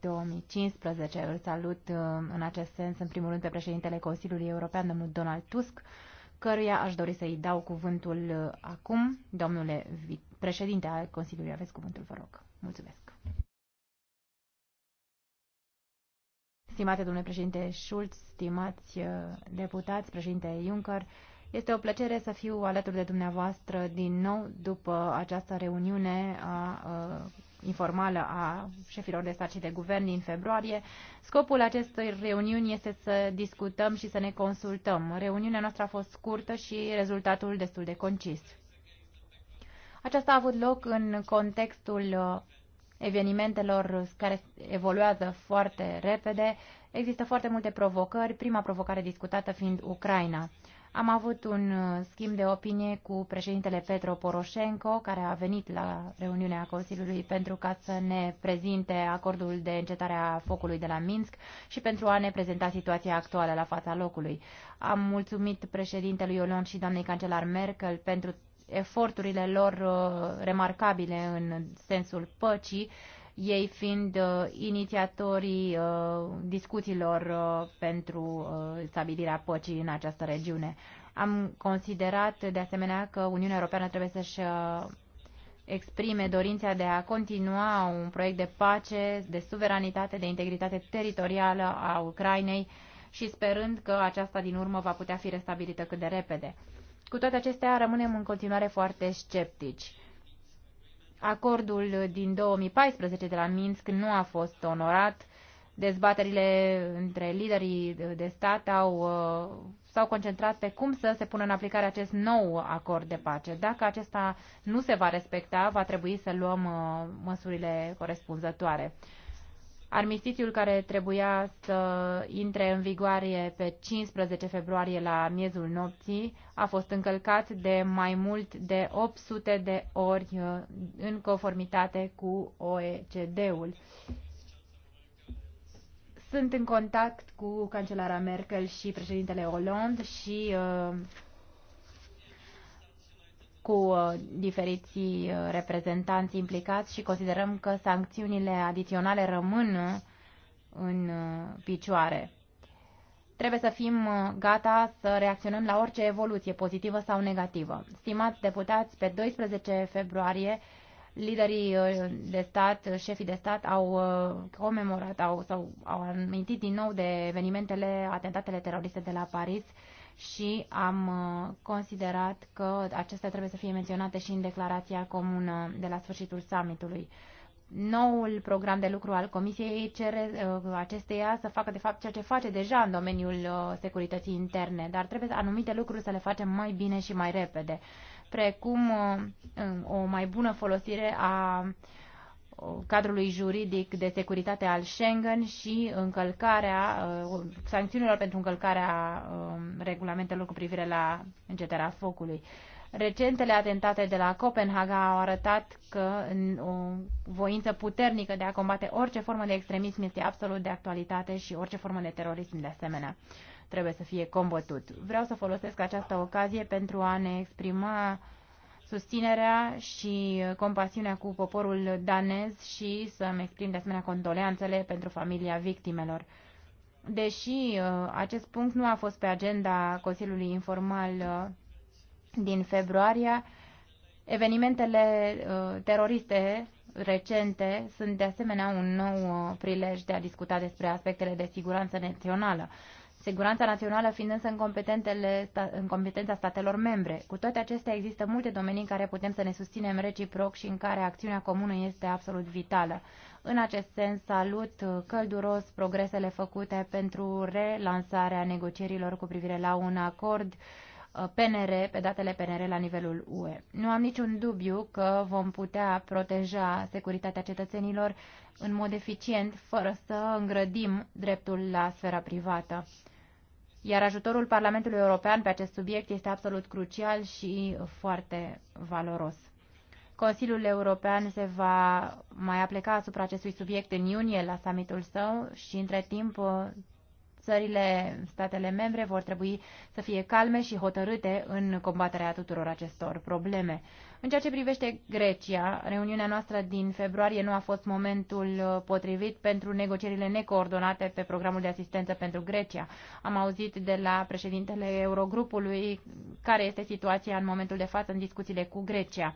2015. Îl salut uh, în acest sens, în primul rând, pe președintele Consiliului European, domnul Donald Tusk, căruia aș dori să-i dau cuvântul uh, acum. Domnule președinte al Consiliului, aveți cuvântul, vă rog. Mulțumesc. Stimate domnule președinte Schulz, stimați uh, deputați, președinte Juncker, este o plăcere să fiu alături de dumneavoastră din nou după această reuniune a informală a șefilor de stat și de guvern din februarie. Scopul acestei reuniuni este să discutăm și să ne consultăm. Reuniunea noastră a fost scurtă și rezultatul destul de concis. Aceasta a avut loc în contextul uh, evenimentelor care evoluează foarte repede. Există foarte multe provocări, prima provocare discutată fiind Ucraina. Am avut un uh, schimb de opinie cu președintele Petro Poroșenko, care a venit la reuniunea Consiliului pentru ca să ne prezinte acordul de încetare a focului de la Minsk și pentru a ne prezenta situația actuală la fața locului. Am mulțumit președintelui Olon și doamnei cancelar Merkel pentru eforturile lor uh, remarcabile în sensul păcii ei fiind uh, inițiatorii uh, discuțiilor uh, pentru uh, stabilirea păcii în această regiune. Am considerat de asemenea că Uniunea Europeană trebuie să-și uh, exprime dorința de a continua un proiect de pace, de suveranitate, de integritate teritorială a Ucrainei și sperând că aceasta din urmă va putea fi restabilită cât de repede. Cu toate acestea, rămânem în continuare foarte sceptici. Acordul din 2014 de la Minsk nu a fost onorat. Dezbaterile între liderii de stat au, uh, s-au concentrat pe cum să se pună în aplicare acest nou acord de pace. Dacă acesta nu se va respecta, va trebui să luăm uh, măsurile corespunzătoare. Armistițiul care trebuia să intre în vigoare pe 15 februarie la miezul nopții a fost încălcat de mai mult de 800 de ori uh, în conformitate cu OECD-ul. Sunt în contact cu cancelara Merkel și președintele Hollande și uh, cu uh, diferiți uh, reprezentanți implicați și considerăm că sancțiunile adiționale rămân uh, în picioare. Trebuie să fim gata să reacționăm la orice evoluție, pozitivă sau negativă. Stimați deputați, pe 12 februarie, liderii de stat, șefii de stat au comemorat au, sau au amintit din nou de evenimentele, atentatele teroriste de la Paris și am uh, considerat că acestea trebuie să fie menționate și în declarația comună de la sfârșitul summitului. Noul program de lucru al Comisiei cere uh, acesteia să facă de fapt ceea ce face deja în domeniul uh, securității interne, dar trebuie anumite lucruri să le facem mai bine și mai repede, precum o mai bună folosire a uh, cadrului juridic de securitate al Schengen și încălcarea, uh, sancțiunilor pentru încălcarea um, regulamentelor cu privire la încetarea focului. Recentele atentate de la Copenhaga au arătat că o voință puternică de a combate orice formă de extremism este absolut de actualitate și orice formă de terorism de asemenea trebuie să fie combătut. Vreau să folosesc această ocazie pentru a ne exprima susținerea și compasiunea cu poporul danez și să-mi exprim de asemenea condoleanțele pentru familia victimelor. Deși uh, acest punct nu a fost pe agenda Consiliului Informal uh, din februarie, evenimentele uh, teroriste recente sunt de asemenea un nou prilej de a discuta despre aspectele de siguranță națională siguranța națională fiind însă în, competentele, în competența statelor membre. Cu toate acestea, există multe domenii în care putem să ne susținem reciproc și în care acțiunea comună este absolut vitală. În acest sens, salut călduros progresele făcute pentru relansarea negocierilor cu privire la un acord uh, PNR, pe datele PNR la nivelul UE. Nu am niciun dubiu că vom putea proteja securitatea cetățenilor în mod eficient, fără să îngrădim dreptul la sfera privată. Iar ajutorul Parlamentului European pe acest subiect este absolut crucial și foarte valoros. Consiliul European se va mai apleca asupra acestui subiect în iunie la summitul său și între timp țările, statele membre vor trebui să fie calme și hotărâte în combaterea tuturor acestor probleme. În ceea ce privește Grecia, reuniunea noastră din februarie nu a fost momentul uh, potrivit pentru negocierile necoordonate pe programul de asistență pentru Grecia. Am auzit de la președintele Eurogrupului care este situația în momentul de față în discuțiile cu Grecia.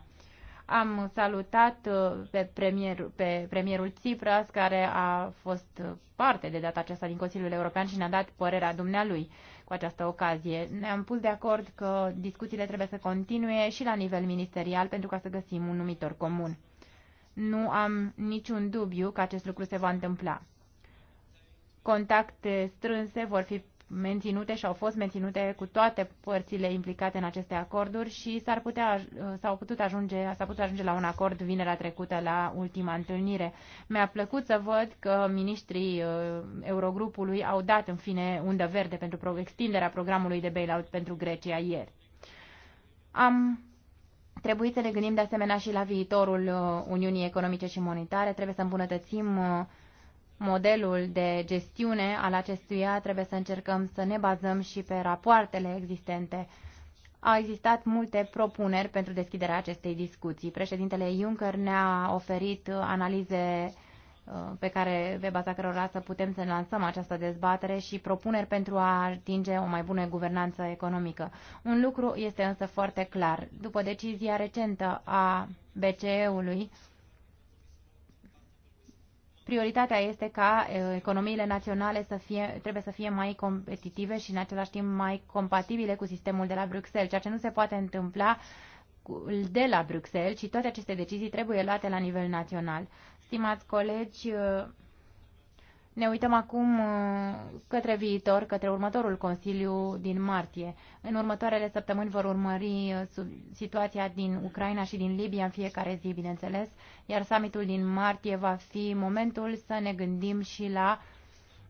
Am salutat uh, pe, premier, pe premierul Tsipras, care a fost uh, parte de data aceasta din Consiliul European și ne-a dat părerea dumnealui cu această ocazie. Ne-am pus de acord că discuțiile trebuie să continue și la nivel ministerial pentru ca să găsim un numitor comun. Nu am niciun dubiu că acest lucru se va întâmpla. Contacte strânse vor fi menținute și au fost menținute cu toate părțile implicate în aceste acorduri și s-ar putea, s-au putut ajunge, s-a putut ajunge la un acord vinerea trecută la ultima întâlnire. Mi-a plăcut să văd că ministrii uh, Eurogrupului au dat în fine undă verde pentru extinderea programului de bailout pentru Grecia ieri. Am trebuit să ne gândim de asemenea și la viitorul uh, Uniunii Economice și Monetare. Trebuie să îmbunătățim uh, modelul de gestiune al acestuia trebuie să încercăm să ne bazăm și pe rapoartele existente. Au existat multe propuneri pentru deschiderea acestei discuții. Președintele Juncker ne-a oferit analize uh, pe care, pe baza cărora să putem să lansăm această dezbatere și propuneri pentru a atinge o mai bună guvernanță economică. Un lucru este însă foarte clar. După decizia recentă a BCE-ului, prioritatea este ca economiile naționale să fie, trebuie să fie mai competitive și în același timp mai compatibile cu sistemul de la Bruxelles, ceea ce nu se poate întâmpla de la Bruxelles și toate aceste decizii trebuie luate la nivel național. Stimați colegi, ne uităm acum uh, către viitor, către următorul Consiliu din martie. În următoarele săptămâni vor urmări uh, situația din Ucraina și din Libia în fiecare zi, bineînțeles, iar summitul din martie va fi momentul să ne gândim și la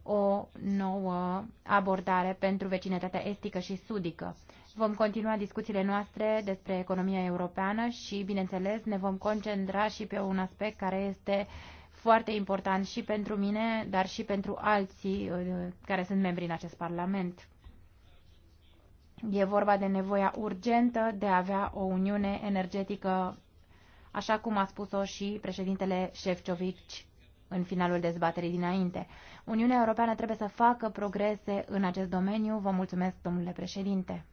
o nouă abordare pentru vecinătatea estică și sudică. Vom continua discuțiile noastre despre economia europeană și, bineînțeles, ne vom concentra și pe un aspect care este uh, foarte important și pentru mine, dar și pentru alții uh, care sunt membri în acest Parlament. E vorba de nevoia urgentă de a avea o uniune energetică, așa cum a spus-o și președintele Șefciovic în finalul dezbaterii dinainte. Uniunea Europeană trebuie să facă progrese în acest domeniu. Vă mulțumesc, domnule președinte.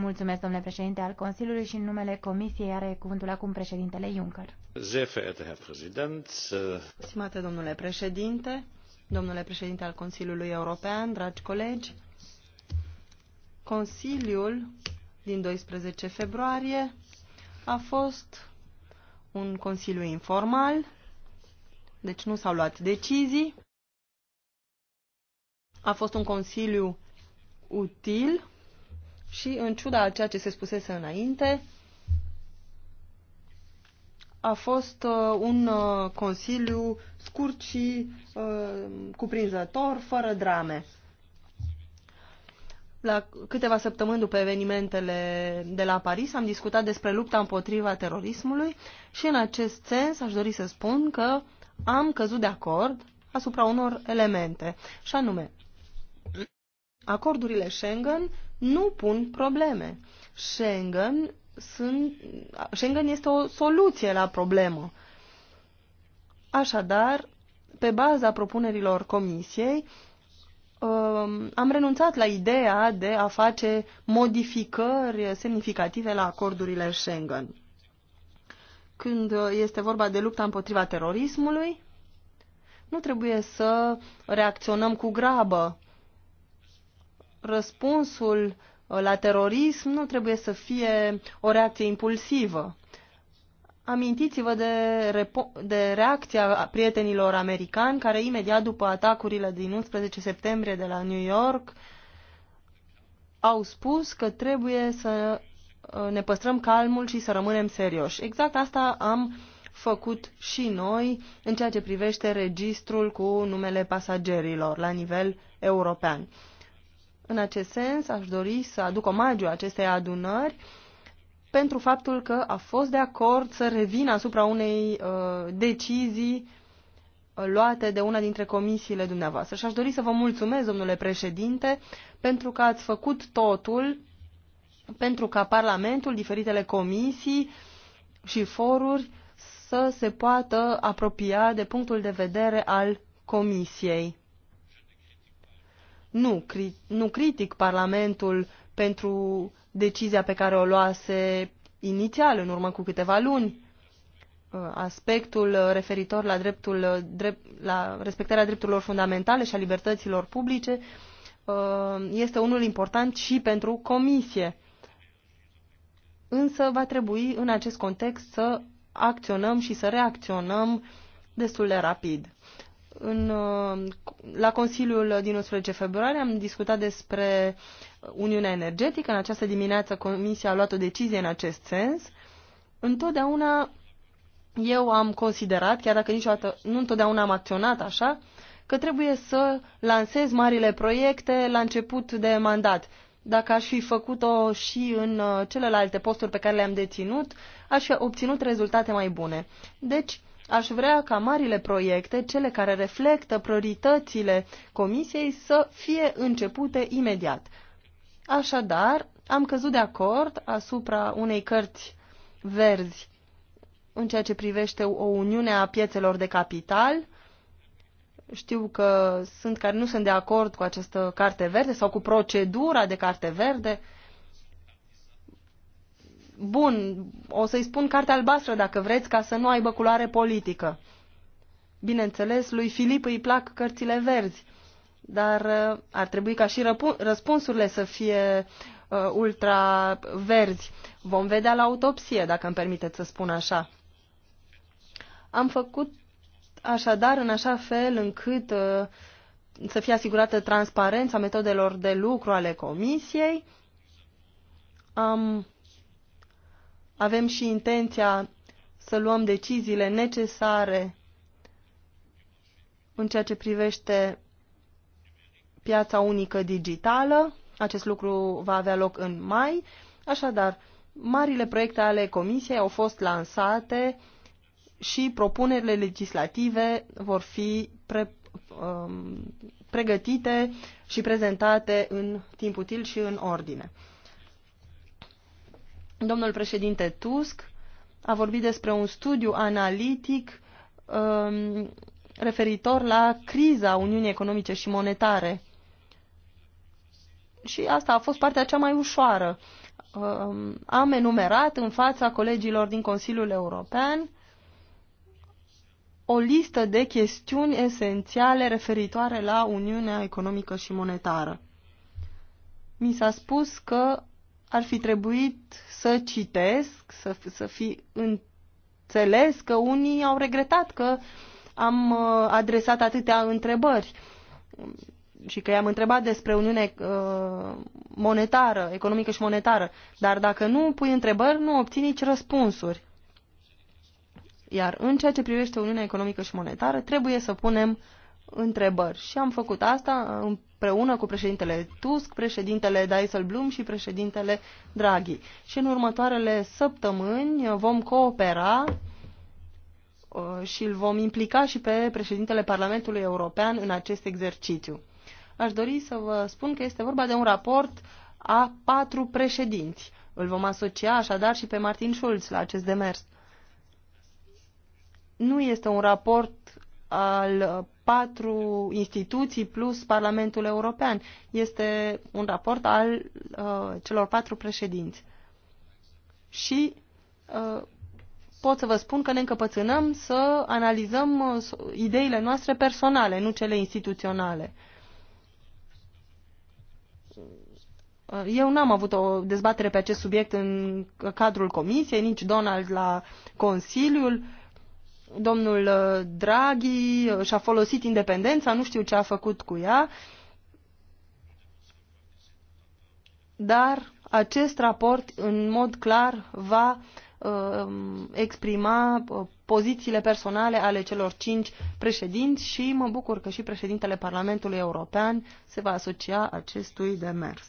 Mulțumesc, domnule președinte al Consiliului și în numele Comisiei are cuvântul acum președintele Juncker. Stimate domnule președinte, domnule președinte al Consiliului European, dragi colegi, Consiliul din 12 februarie a fost un consiliu informal, deci nu s-au luat decizii. A fost un consiliu util și, în ciuda a ceea ce se spusese înainte, a fost uh, un uh, consiliu scurt și uh, cuprinzător, fără drame. La câteva săptămâni după evenimentele de la Paris am discutat despre lupta împotriva terorismului și în acest sens aș dori să spun că am căzut de acord asupra unor elemente, și anume acordurile Schengen nu pun probleme. Schengen, sunt, Schengen este o soluție la problemă. Așadar, pe baza propunerilor comisiei, um, am renunțat la ideea de a face modificări semnificative la acordurile Schengen. Când este vorba de lupta împotriva terorismului, nu trebuie să reacționăm cu grabă răspunsul uh, la terorism nu trebuie să fie o reacție impulsivă. Amintiți-vă de, de reacția prietenilor americani care imediat după atacurile din 11 septembrie de la New York au spus că trebuie să uh, ne păstrăm calmul și să rămânem serioși. Exact asta am făcut și noi în ceea ce privește registrul cu numele pasagerilor la nivel european. În acest sens, aș dori să aduc omagiu acestei adunări pentru faptul că a fost de acord să revină asupra unei uh, decizii uh, luate de una dintre comisiile dumneavoastră. Și aș dori să vă mulțumesc, domnule președinte, pentru că ați făcut totul pentru ca Parlamentul, diferitele comisii și foruri să se poată apropia de punctul de vedere al comisiei nu, cri nu critic Parlamentul pentru decizia pe care o luase inițial, în urmă cu câteva luni. Uh, aspectul referitor la, dreptul, uh, drept, la respectarea drepturilor fundamentale și a libertăților publice uh, este unul important și pentru Comisie. Însă va trebui în acest context să acționăm și să reacționăm destul de rapid în, uh, la Consiliul din 11 februarie am discutat despre Uniunea Energetică. În această dimineață Comisia a luat o decizie în acest sens. Întotdeauna eu am considerat, chiar dacă niciodată, nu întotdeauna am acționat așa, că trebuie să lansez marile proiecte la început de mandat. Dacă aș fi făcut-o și în uh, celelalte posturi pe care le-am deținut, aș fi obținut rezultate mai bune. Deci, Aș vrea ca marile proiecte, cele care reflectă prioritățile Comisiei, să fie începute imediat. Așadar, am căzut de acord asupra unei cărți verzi în ceea ce privește o uniune a piețelor de capital. Știu că sunt care nu sunt de acord cu această carte verde sau cu procedura de carte verde. Bun, o să-i spun cartea albastră dacă vreți, ca să nu aibă culoare politică. Bineînțeles, lui Filip îi plac cărțile verzi, dar uh, ar trebui ca și răspunsurile să fie uh, verzi. Vom vedea la autopsie, dacă îmi permiteți să spun așa. Am făcut așadar în așa fel încât uh, să fie asigurată transparența metodelor de lucru ale comisiei. Am avem și intenția să luăm deciziile necesare în ceea ce privește piața unică digitală. Acest lucru va avea loc în mai. Așadar, marile proiecte ale Comisiei au fost lansate și propunerile legislative vor fi pre, um, pregătite și prezentate în timp util și în ordine. Domnul președinte Tusk a vorbit despre un studiu analitic um, referitor la criza Uniunii Economice și Monetare. Și asta a fost partea cea mai ușoară. Um, am enumerat în fața colegilor din Consiliul European o listă de chestiuni esențiale referitoare la Uniunea Economică și Monetară. Mi s-a spus că ar fi trebuit să citesc, să, să fi înțeles că unii au regretat că am uh, adresat atâtea întrebări și că i-am întrebat despre Uniune uh, monetară, economică și monetară. Dar dacă nu pui întrebări, nu obții nici răspunsuri. Iar în ceea ce privește Uniunea economică și monetară, trebuie să punem întrebări. Și am făcut asta împreună cu președintele Tusk, președintele Dijsselbloem și președintele Draghi. Și în următoarele săptămâni vom coopera uh, și îl vom implica și pe președintele Parlamentului European în acest exercițiu. Aș dori să vă spun că este vorba de un raport a patru președinți. Îl vom asocia așadar și pe Martin Schulz la acest demers. Nu este un raport al patru instituții plus Parlamentul European. Este un raport al uh, celor patru președinți. Și uh, pot să vă spun că ne încăpățânăm să analizăm uh, ideile noastre personale, nu cele instituționale. Eu n-am avut o dezbatere pe acest subiect în cadrul comisiei, nici Donald la Consiliul. Uh, domnul uh, Draghi uh, și-a folosit independența, nu știu ce a făcut cu ea, dar acest raport în mod clar va uh, exprima uh, pozițiile personale ale celor cinci președinți și mă bucur că și președintele Parlamentului European se va asocia acestui demers.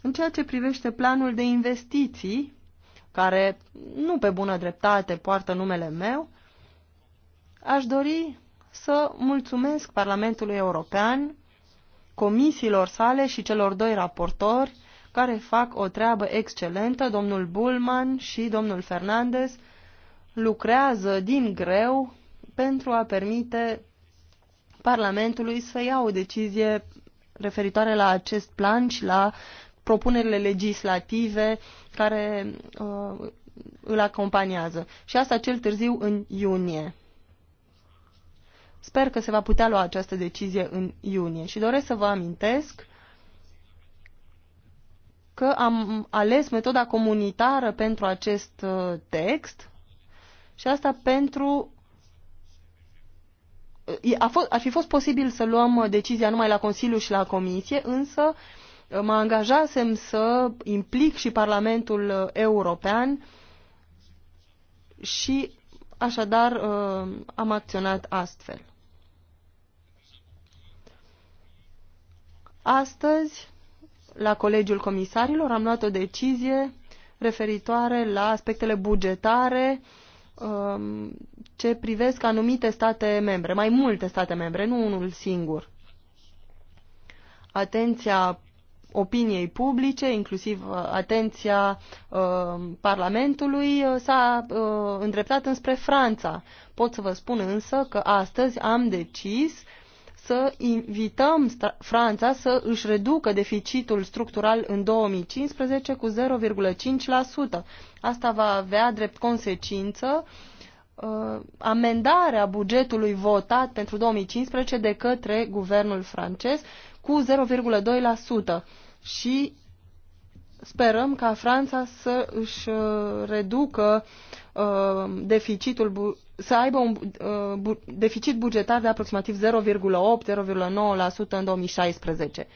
În ceea ce privește planul de investiții, care nu pe bună dreptate poartă numele meu, uh, Aș dori să mulțumesc Parlamentului European, comisiilor sale și celor doi raportori care fac o treabă excelentă, domnul Bulman și domnul Fernandez lucrează din greu pentru a permite Parlamentului să ia o decizie referitoare la acest plan și la propunerile legislative care uh, îl acompaniază. Și asta cel târziu în iunie. Sper că se va putea lua această decizie în iunie și doresc să vă amintesc că am ales metoda comunitară pentru acest uh, text și asta pentru uh, a fost, ar fi fost posibil să luăm uh, decizia numai la Consiliu și la Comisie, însă mă angajasem să implic și Parlamentul European și așadar am acționat astfel. Astăzi, la Colegiul Comisarilor, am luat o decizie referitoare la aspectele bugetare um, ce privesc anumite state membre, mai multe state membre, nu unul singur. Atenția opiniei publice, inclusiv uh, atenția um, Parlamentului, uh, s-a uh, îndreptat înspre Franța. Pot să vă spun însă că astăzi am decis să invităm Franța să își reducă deficitul structural în 2015 cu 0,5%. Asta va avea drept consecință uh, amendarea bugetului votat pentru 2015 de către guvernul francez cu 0,2% și sperăm ca Franța să își uh, reducă uh, deficitul, să aibă un uh, bu deficit bugetar de aproximativ 0,8-0,9% în 2016.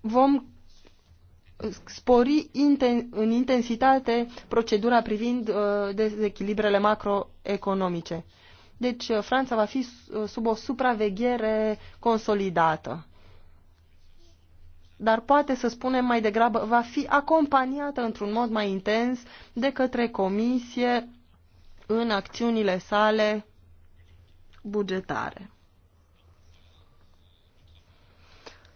Vom uh, spori inten în intensitate procedura privind uh, dezechilibrele macroeconomice. Deci uh, Franța va fi sub o supraveghere consolidată dar poate să spunem mai degrabă va fi acompaniată într-un mod mai intens de către comisie în acțiunile sale bugetare.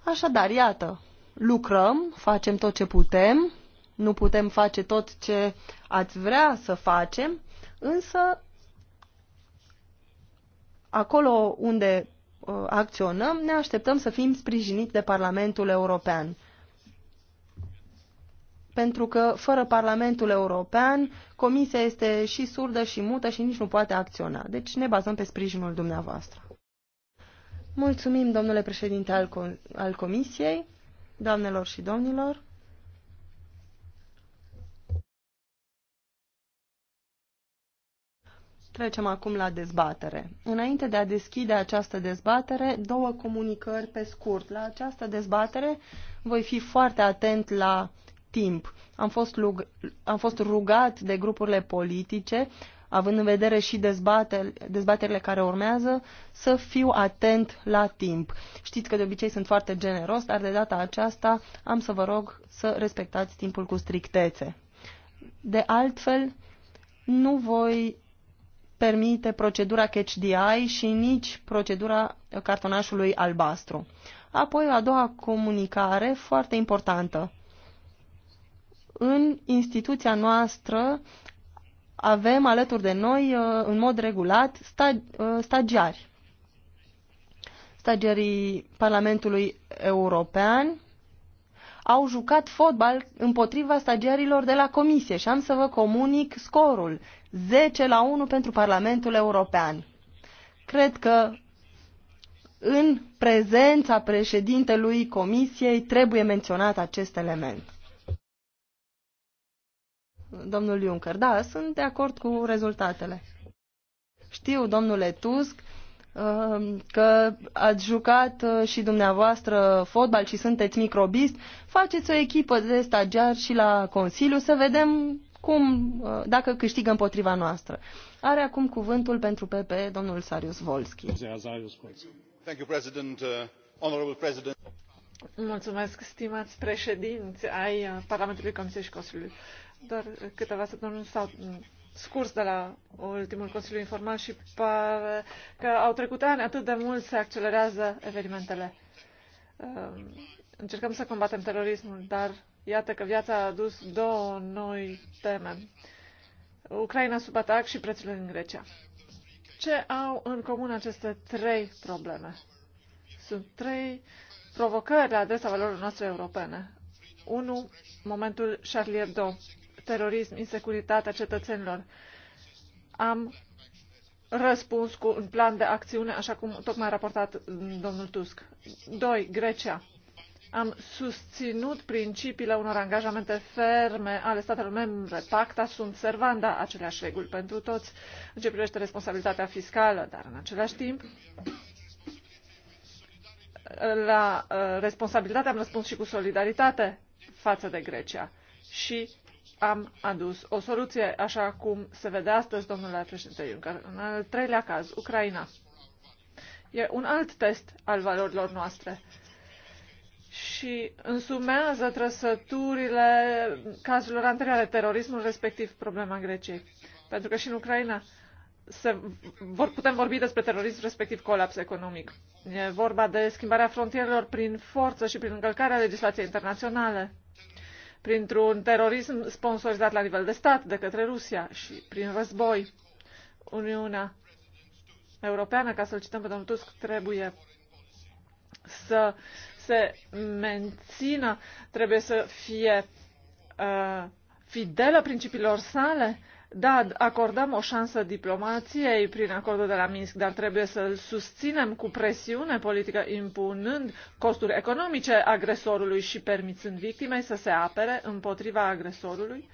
Așadar, iată, lucrăm, facem tot ce putem, nu putem face tot ce ați vrea să facem, însă acolo unde Uh, acționăm, ne așteptăm să fim sprijiniți de Parlamentul European. Pentru că fără Parlamentul European, Comisia este și surdă și mută și nici nu poate acționa. Deci ne bazăm pe sprijinul dumneavoastră. Mulțumim, domnule președinte al, com al Comisiei, doamnelor și domnilor. Trecem acum la dezbatere. Înainte de a deschide această dezbatere, două comunicări pe scurt. La această dezbatere voi fi foarte atent la timp. Am fost, lug- am fost rugat de grupurile politice, având în vedere și dezbater- dezbaterile care urmează, să fiu atent la timp. Știți că de obicei sunt foarte generos, dar de data aceasta am să vă rog să respectați timpul cu strictețe. De altfel, nu voi permite procedura catch eye și nici procedura cartonașului albastru. Apoi, a doua comunicare foarte importantă. În instituția noastră avem alături de noi, uh, în mod regulat, uh, stagiari. Stagiarii Parlamentului European au jucat fotbal împotriva stagiarilor de la Comisie și am să vă comunic scorul 10 la 1 pentru Parlamentul European. Cred că în prezența președintelui Comisiei trebuie menționat acest element. Domnul Juncker, da, sunt de acord cu rezultatele. Știu, domnule Tusk, Ehm, că ați jucat uh, și dumneavoastră fotbal și sunteți microbist, faceți o echipă de stagiar și la Consiliu să vedem cum, uh, dacă câștigă împotriva noastră. Are acum cuvântul pentru PP domnul Sarius Volski. Uh, Mulțumesc, stimați președinți ai Parlamentului Comisiei și Consiliului. Doar câteva săptămâni sau scurs de la ultimul Consiliu Informal și pare că au trecut ani atât de mult se accelerează evenimentele. Ehm, încercăm să combatem terorismul, dar iată că viața a adus două noi teme. Ucraina sub atac și prețurile în Grecia. Ce au în comun aceste trei probleme? Sunt trei provocări la adresa valorilor noastre europene. 1. Momentul Charlie Hebdo terorism, insecuritatea cetățenilor. Am răspuns cu un plan de acțiune, așa cum tocmai a raportat domnul Tusk. 2. Grecia. Am susținut principiile unor angajamente ferme ale statelor membre. Pacta sunt servanda aceleași reguli pentru toți în ce privește responsabilitatea fiscală, dar în același timp la uh, responsabilitate am răspuns și cu solidaritate față de Grecia și am adus o soluție, așa cum se vede astăzi, domnule președinte Juncker. În al treilea caz, Ucraina. E un alt test al valorilor noastre și însumează trăsăturile cazurilor anterioare, terorismul, respectiv problema Greciei. Pentru că și în Ucraina se vor, putem vorbi despre terorism, respectiv colaps economic. E vorba de schimbarea frontierelor prin forță și prin încălcarea legislației internaționale printr-un terorism sponsorizat la nivel de stat de către Rusia și prin război. Uniunea Europeană, ca să-l cităm pe domnul Tusk, trebuie să se mențină, trebuie să fie uh, fidelă principiilor sale, da, acordăm o șansă diplomației prin acordul de la Minsk, dar trebuie să-l susținem cu presiune politică, impunând costuri economice agresorului și permițând victimei să se apere împotriva agresorului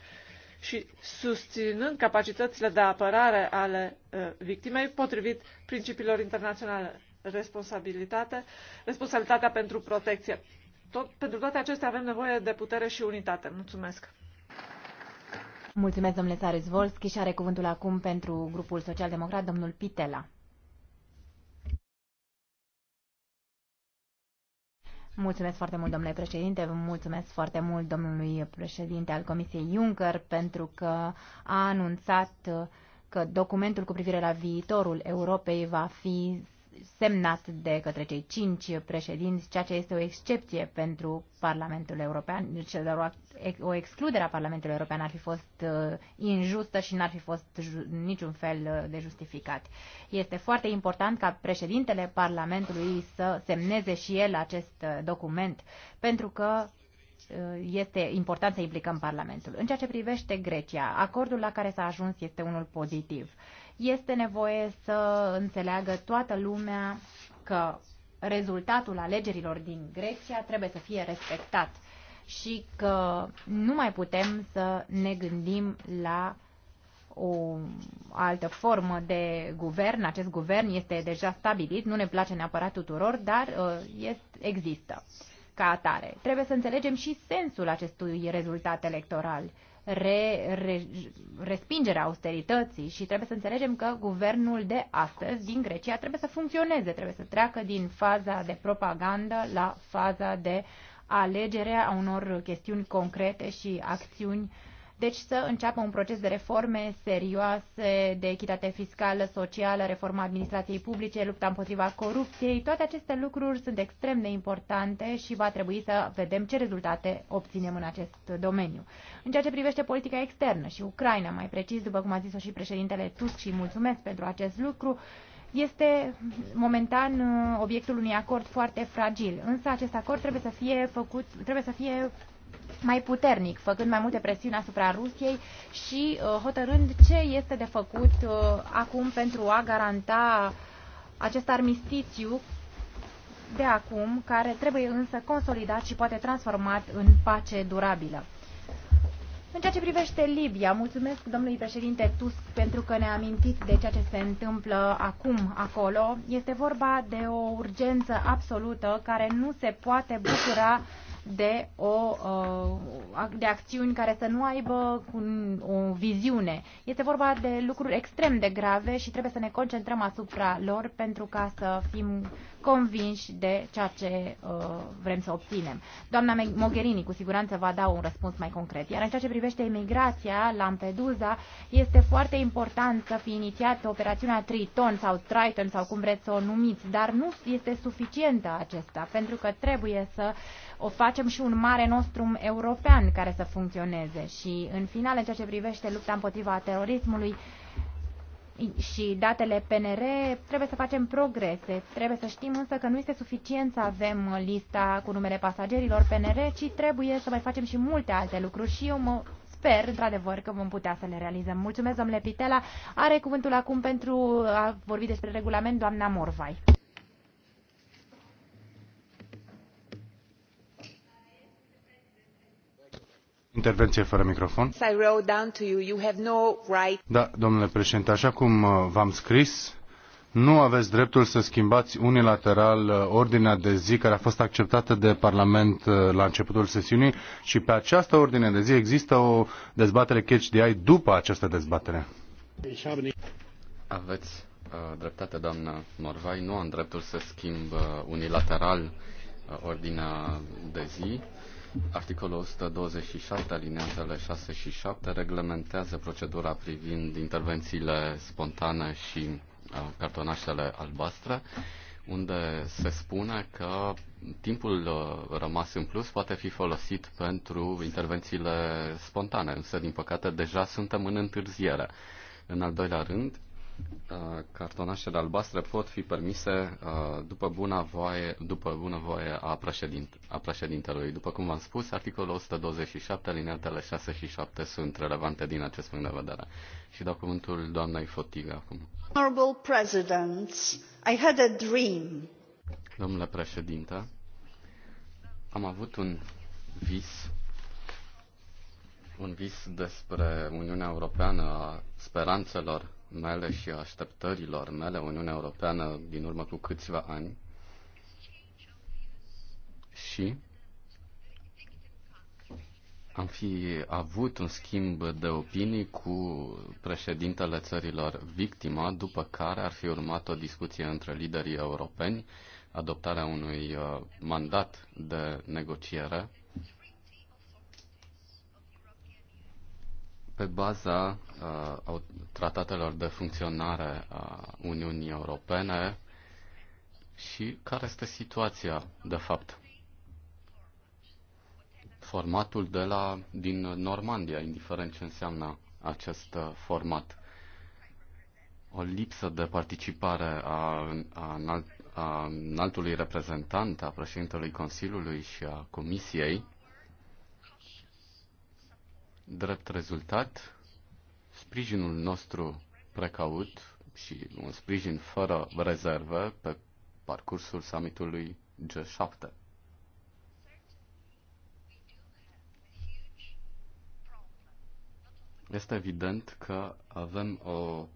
și susținând capacitățile de apărare ale uh, victimei potrivit principiilor internaționale responsabilitate, responsabilitatea pentru protecție. Tot, pentru toate acestea avem nevoie de putere și unitate. Mulțumesc! Mulțumesc, domnule Sarez Volski, și are cuvântul acum pentru grupul social-democrat, domnul Pitela. Mulțumesc foarte mult, domnule președinte, vă mulțumesc foarte mult domnului președinte al Comisiei Juncker pentru că a anunțat că documentul cu privire la viitorul Europei va fi semnat de către cei cinci președinți, ceea ce este o excepție pentru Parlamentul European. Deci, o excludere a Parlamentului European ar fi fost uh, injustă și n-ar fi fost niciun fel uh, de justificat. Este foarte important ca președintele Parlamentului să semneze și el acest uh, document, pentru că este important să implicăm Parlamentul. În ceea ce privește Grecia, acordul la care s-a ajuns este unul pozitiv este nevoie să înțeleagă toată lumea că rezultatul alegerilor din Grecia trebuie să fie respectat și că nu mai putem să ne gândim la o altă formă de guvern. Acest guvern este deja stabilit, nu ne place neapărat tuturor, dar uh, este, există ca atare. Trebuie să înțelegem și sensul acestui rezultat electoral re, re, respingerea austerității și trebuie să înțelegem că guvernul de astăzi din Grecia trebuie să funcționeze, trebuie să treacă din faza de propagandă la faza de alegere a unor chestiuni concrete și acțiuni uh, deci să înceapă un proces de reforme serioase, de echitate fiscală, socială, reforma administrației publice, lupta împotriva corupției. Toate aceste lucruri sunt extrem de importante și va trebui să vedem ce rezultate obținem în acest domeniu. În ceea ce privește politica externă și Ucraina, mai precis, după cum a zis-o și președintele Tusk și mulțumesc pentru acest lucru, este momentan uh, obiectul unui acord foarte fragil. Însă acest acord trebuie să fie făcut, trebuie să fie mai puternic, făcând mai multe presiuni asupra Rusiei și uh, hotărând ce este de făcut uh, acum pentru a garanta acest armistițiu de acum, care trebuie însă consolidat și poate transformat în pace durabilă. În ceea ce privește Libia, mulțumesc domnului președinte Tusk pentru că ne-a amintit de ceea ce se întâmplă acum acolo. Este vorba de o urgență absolută care nu se poate bucura de, o, uh, de acțiuni care să nu aibă o viziune. Este vorba de lucruri extrem de grave și trebuie să ne concentrăm asupra lor pentru ca să fim convinși de ceea ce uh, vrem să obținem. Doamna Mogherini cu siguranță va da un răspuns mai concret. Iar în ceea ce privește imigrația, Lampedusa, este foarte important să fie inițiată operațiunea Triton sau Triton sau cum vreți să o numiți, dar nu este suficientă acesta pentru că trebuie să uh, o facem și un mare nostru european care să funcționeze. Și în final, în ceea ce privește lupta împotriva terorismului, și datele PNR, trebuie să facem progrese. Trebuie să știm însă că nu este suficient să avem lista cu numele pasagerilor PNR, ci trebuie să mai facem și multe alte lucruri și eu mă sper, într-adevăr, că vom putea să le realizăm. Mulțumesc, domnule Pitela. Are cuvântul acum pentru a vorbi despre regulament doamna Morvai. Intervenție fără microfon. Da, domnule președinte, așa cum uh, v-am scris, nu aveți dreptul să schimbați unilateral uh, ordinea de zi care a fost acceptată de Parlament uh, la începutul sesiunii și pe această ordine de zi există o dezbatere catch the eye după această dezbatere. Aveți uh, dreptate, doamnă Morvai. Nu am dreptul să schimb uh, unilateral uh, ordinea de zi. Articolul 127, alineatele 6 și 7, reglementează procedura privind intervențiile spontane și uh, cartonașele albastre, unde se spune că timpul uh, rămas în plus poate fi folosit pentru intervențiile spontane, însă, din păcate, deja suntem în întârziere. În al doilea rând, Uh, cartonașele albastre pot fi permise uh, după bună voie, după bună voie a, președint, a președintelui. După cum v-am spus, articolul 127, alineatele 6 și 7 sunt relevante din acest punct de vedere. Și dau cuvântul doamnei Fotiga acum. Honorable President, I had a dream. Domnule președinte, am avut un vis un vis despre Uniunea Europeană a speranțelor mele și așteptărilor mele, Uniunea Europeană, din urmă cu câțiva ani. Și am fi avut un schimb de opinii cu președintele țărilor victima, după care ar fi urmat o discuție între liderii europeni, adoptarea unui uh, mandat de negociere pe baza uh, tratatelor de funcționare a Uniunii Europene și care este situația, de fapt. Formatul de la, din Normandia, indiferent ce înseamnă acest uh, format. O lipsă de participare a, a, înalt, a înaltului reprezentant, a președintelui Consiliului și a Comisiei Drept rezultat, sprijinul nostru precaut și un sprijin fără rezerve pe parcursul summitului G7. Este evident că avem o,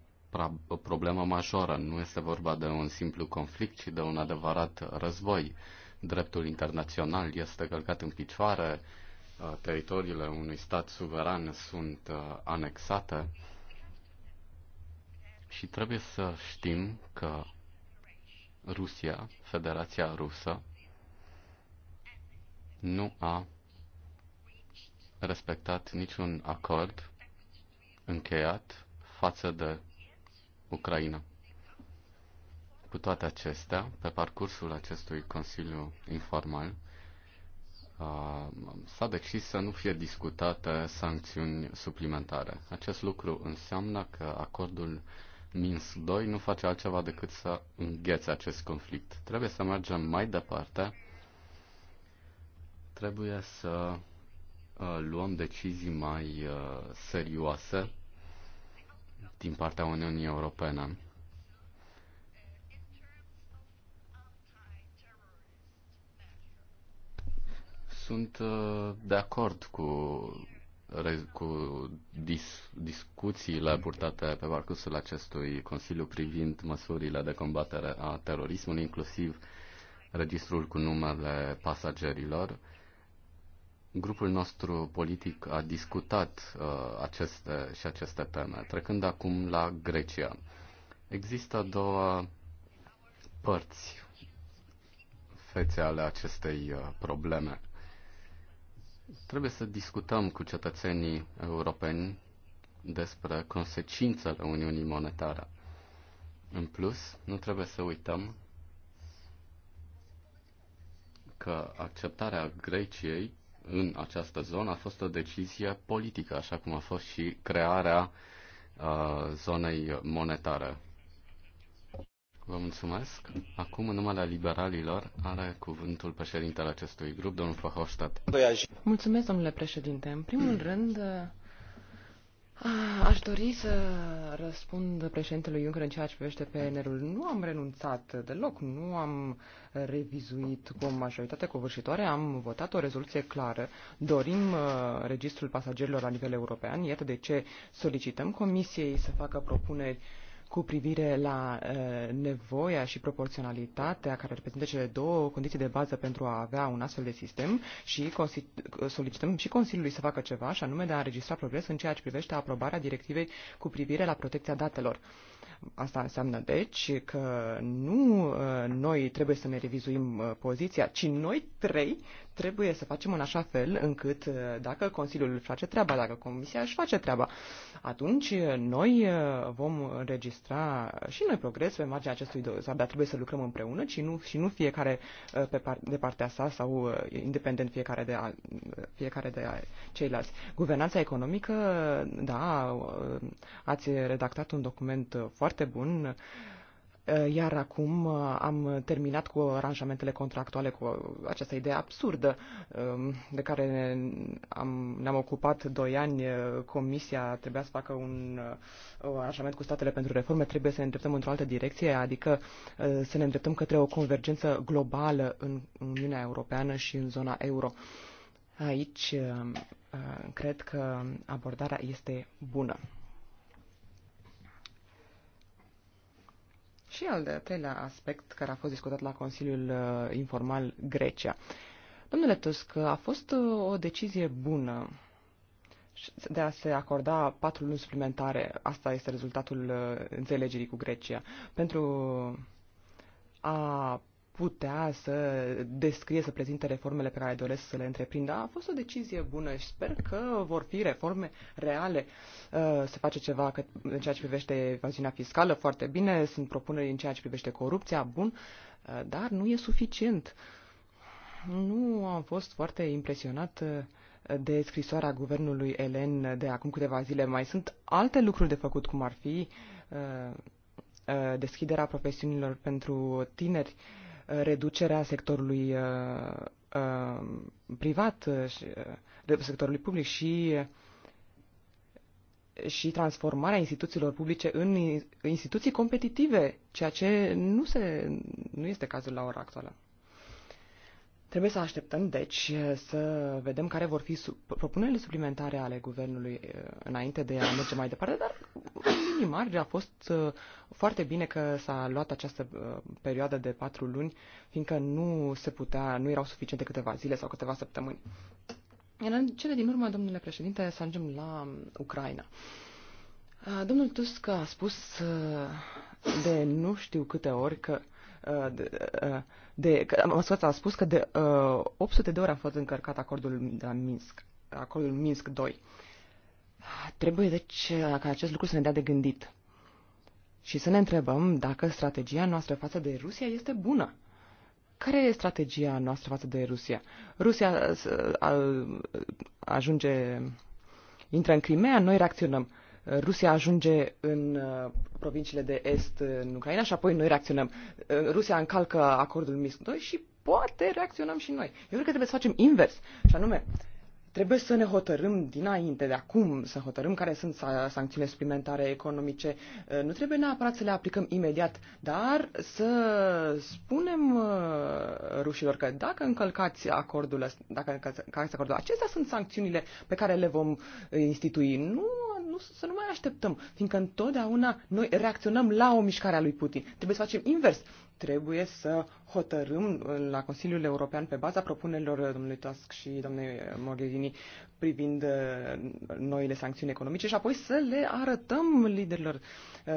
o problemă majoră. Nu este vorba de un simplu conflict, ci de un adevărat război. Dreptul internațional este călcat în picioare, Uh, teritoriile unui stat suveran sunt uh, anexate și trebuie să știm că Rusia, Federația Rusă, nu a respectat niciun acord încheiat față de Ucraina. Cu toate acestea, pe parcursul acestui Consiliu informal, s-a decis să nu fie discutate sancțiuni suplimentare. Acest lucru înseamnă că acordul Minsk 2 nu face altceva decât să înghețe acest conflict. Trebuie să mergem mai departe, trebuie să uh, luăm decizii mai uh, serioase din partea Uniunii Europene. sunt uh, de acord cu, cu dis, discuțiile purtate pe parcursul acestui Consiliu privind măsurile de combatere a terorismului, inclusiv registrul cu numele pasagerilor. Grupul nostru politic a discutat uh, aceste și aceste teme. Trecând acum la Grecia. Există două părți fețe ale acestei uh, probleme. Trebuie să discutăm cu cetățenii europeni despre consecințele Uniunii Monetare. În plus, nu trebuie să uităm că acceptarea Greciei în această zonă a fost o decizie politică, așa cum a fost și crearea uh, zonei monetare. Vă mulțumesc. Acum, în numele liberalilor, are cuvântul președintele acestui grup, domnul Fahofstadt. Mulțumesc, domnule președinte. În primul hmm. rând, aș dori să răspund președintelui Juncker în ceea ce privește PNR-ul. Nu am renunțat deloc, nu am revizuit cu o majoritate covârșitoare, am votat o rezoluție clară. Dorim uh, registrul pasagerilor la nivel european, iată de ce solicităm Comisiei să facă propuneri cu privire la uh, nevoia și proporționalitatea care reprezintă cele două condiții de bază pentru a avea un astfel de sistem și solicităm și Consiliului să facă ceva, și anume de a înregistra progres în ceea ce privește aprobarea directivei cu privire la protecția datelor. Asta înseamnă, deci, că nu uh, noi trebuie să ne revizuim uh, poziția, ci noi trei trebuie să facem în așa fel încât uh, dacă Consiliul face treaba, dacă Comisia își face treaba, atunci uh, noi uh, vom înregistra și noi progres pe marginea acestui dosar, dar trebuie să lucrăm împreună și nu, și nu fiecare pe par, de partea sa sau independent fiecare de, al, fiecare de ceilalți. Guvernanța economică, da, ați redactat un document foarte bun Eh, iar acum eh, am terminat cu aranjamentele contractuale, cu această idee absurdă eh, de care am, ne-am ocupat doi ani. Comisia trebuia să facă un, un aranjament cu statele pentru reforme. Trebuie să ne îndreptăm într-o altă direcție, adică să ne îndreptăm către o convergență globală în Uniunea Europeană și în zona euro. Aici cred că abordarea este bună. Și al de treilea aspect care a fost discutat la Consiliul uh, Informal Grecia. Domnule Tusk, a fost uh, o decizie bună de a se acorda patru luni suplimentare. Asta este rezultatul uh, înțelegerii cu Grecia. Pentru a putea să descrie, să prezinte reformele pe care doresc să le întreprindă. A fost o decizie bună și sper că vor fi reforme reale. Uh, se face ceva în ceea ce privește evaziunea fiscală foarte bine, sunt propuneri în ceea ce privește corupția, bun, uh, dar nu e suficient. Nu am fost foarte impresionat uh, de scrisoarea guvernului Elen de acum câteva zile. Mai sunt alte lucruri de făcut, cum ar fi deschiderea profesiunilor pentru tineri, uh, reducerea sectorului uh, uh, privat, uh, și sectorului public și și transformarea instituțiilor publice în instituții competitive, ceea ce nu, se, nu este cazul la ora actuală. Trebuie să așteptăm, deci, să vedem care vor fi propunerile suplimentare ale guvernului eh, înainte de a merge mai departe, dar în linii mari a fost eh, foarte bine că s-a luat această eh, perioadă de patru luni, fiindcă nu se putea, nu erau suficiente câteva zile sau câteva săptămâni. În cele din urmă, domnule președinte, să ajungem la mm, Ucraina. Domnul Tusk a spus de nu știu câte ori că de, de de, a spus că de 800 uh, de ori a fost încărcat acordul de la Minsk, acordul Minsk 2. Trebuie deci ca acest lucru să ne dea de gândit și să ne întrebăm dacă strategia noastră față de Rusia este bună. Care e strategia noastră față de Rusia? Rusia uh, ajunge, intră în Crimea, noi reacționăm. Rusia ajunge în uh, provinciile de est în Ucraina și apoi noi reacționăm. Uh, Rusia încalcă acordul Minsk 2 și poate reacționăm și noi. Eu cred că trebuie să facem invers. Și anume, Trebuie să ne hotărâm dinainte, de acum, să hotărâm care sunt sancțiunile suplimentare economice. Uh, nu trebuie neapărat să le aplicăm imediat, dar să spunem uh, rușilor că dacă încălcați acordul, dacă încălcați acordul, acestea sunt sancțiunile pe care le vom uh, institui. Nu nu, să nu mai așteptăm, fiindcă întotdeauna noi reacționăm la o mișcare a lui Putin. Trebuie să facem invers trebuie să hotărâm la Consiliul European pe baza propunerilor domnului Tusk și domnului Mogherini privind uh, noile sancțiuni economice și apoi să le arătăm liderilor uh,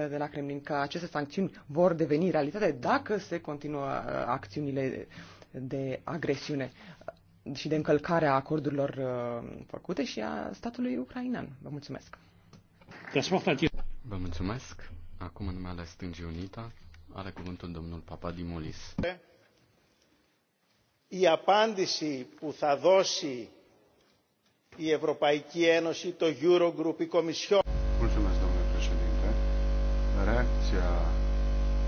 de la Kremlin că aceste sancțiuni vor deveni realitate dacă se continuă uh, acțiunile de agresiune și de încălcare a acordurilor făcute și a statului ucrainean. Vă mulțumesc! Vă mulțumesc! Acum în numele Stângii Unita, are cuvântul domnul Papadimolis. Η απάντηση που θα δώσει η Ευρωπαϊκή Ένωση, το Eurogroup, η Κομισιόν. Mulțumesc, domnule președinte. Reacția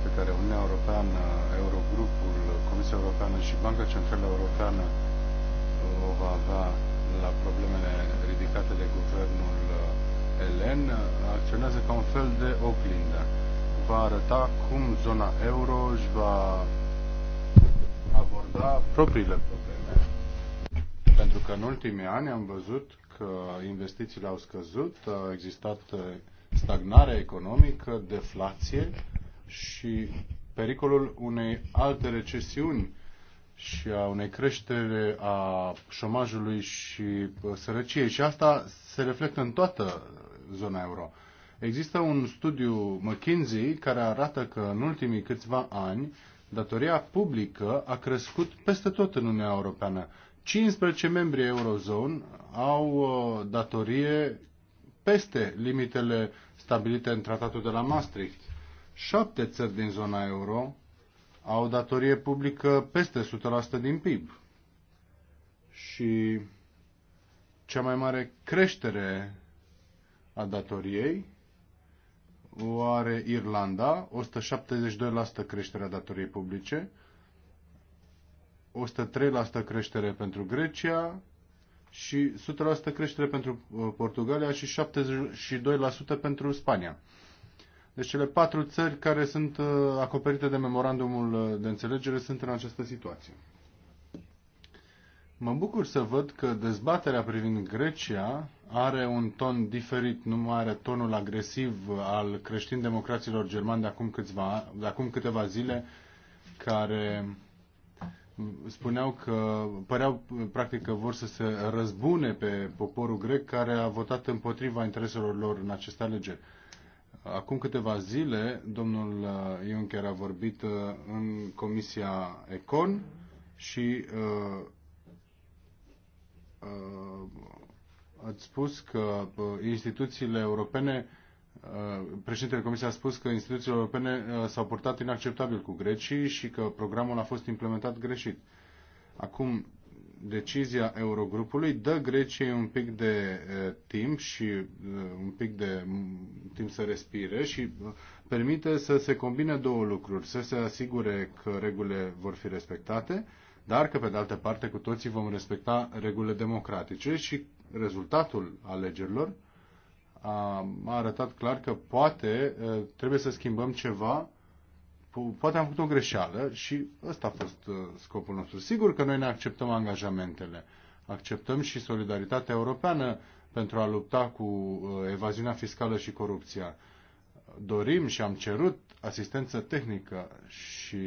pe care Uniunea Europeană, Eurogrupul, Comisia Europeană și Banca Centrală Europeană o va avea la problemele ridicate de guvernul elen acționează ca un fel de oglindă va arăta cum zona euro își va aborda propriile probleme. Pentru că în ultimii ani am văzut că investițiile au scăzut, a existat stagnare economică, deflație și pericolul unei alte recesiuni și a unei creștere a șomajului și sărăciei. Și asta se reflectă în toată zona euro. Există un studiu McKinsey care arată că în ultimii câțiva ani datoria publică a crescut peste tot în Uniunea Europeană. 15 membri eurozone au uh, datorie peste limitele stabilite în tratatul de la Maastricht. Șapte țări din zona euro au datorie publică peste 100% din PIB. Și cea mai mare creștere a datoriei o are Irlanda, 172% creșterea datoriei publice, 103% creștere pentru Grecia și 100% creștere pentru uh, Portugalia și 72% pentru Spania. Deci cele patru țări care sunt uh, acoperite de memorandumul uh, de înțelegere sunt în această situație. Mă bucur să văd că dezbaterea privind Grecia are un ton diferit, nu mai are tonul agresiv al creștin-democraților germani de acum, câțiva, de acum câteva zile, care spuneau că păreau practic că vor să se răzbune pe poporul grec care a votat împotriva intereselor lor în aceste alegeri. Acum câteva zile, domnul uh, Juncker a vorbit uh, în Comisia Econ și uh, Uh, ați spus că uh, instituțiile europene, uh, președintele Comisiei a spus că instituțiile europene s-au purtat inacceptabil cu grecii și că programul a fost implementat greșit. Acum, decizia Eurogrupului dă Greciei un pic de timp și un pic de timp să respire și permite să se combine două lucruri, să se asigure că regulile vor fi respectate dar că, pe de altă parte, cu toții vom respecta regulile democratice și rezultatul alegerilor a, a arătat clar că poate trebuie să schimbăm ceva, poate am făcut o greșeală și ăsta a fost scopul nostru. Sigur că noi ne acceptăm angajamentele, acceptăm și solidaritatea europeană pentru a lupta cu evaziunea fiscală și corupția dorim și am cerut asistență tehnică și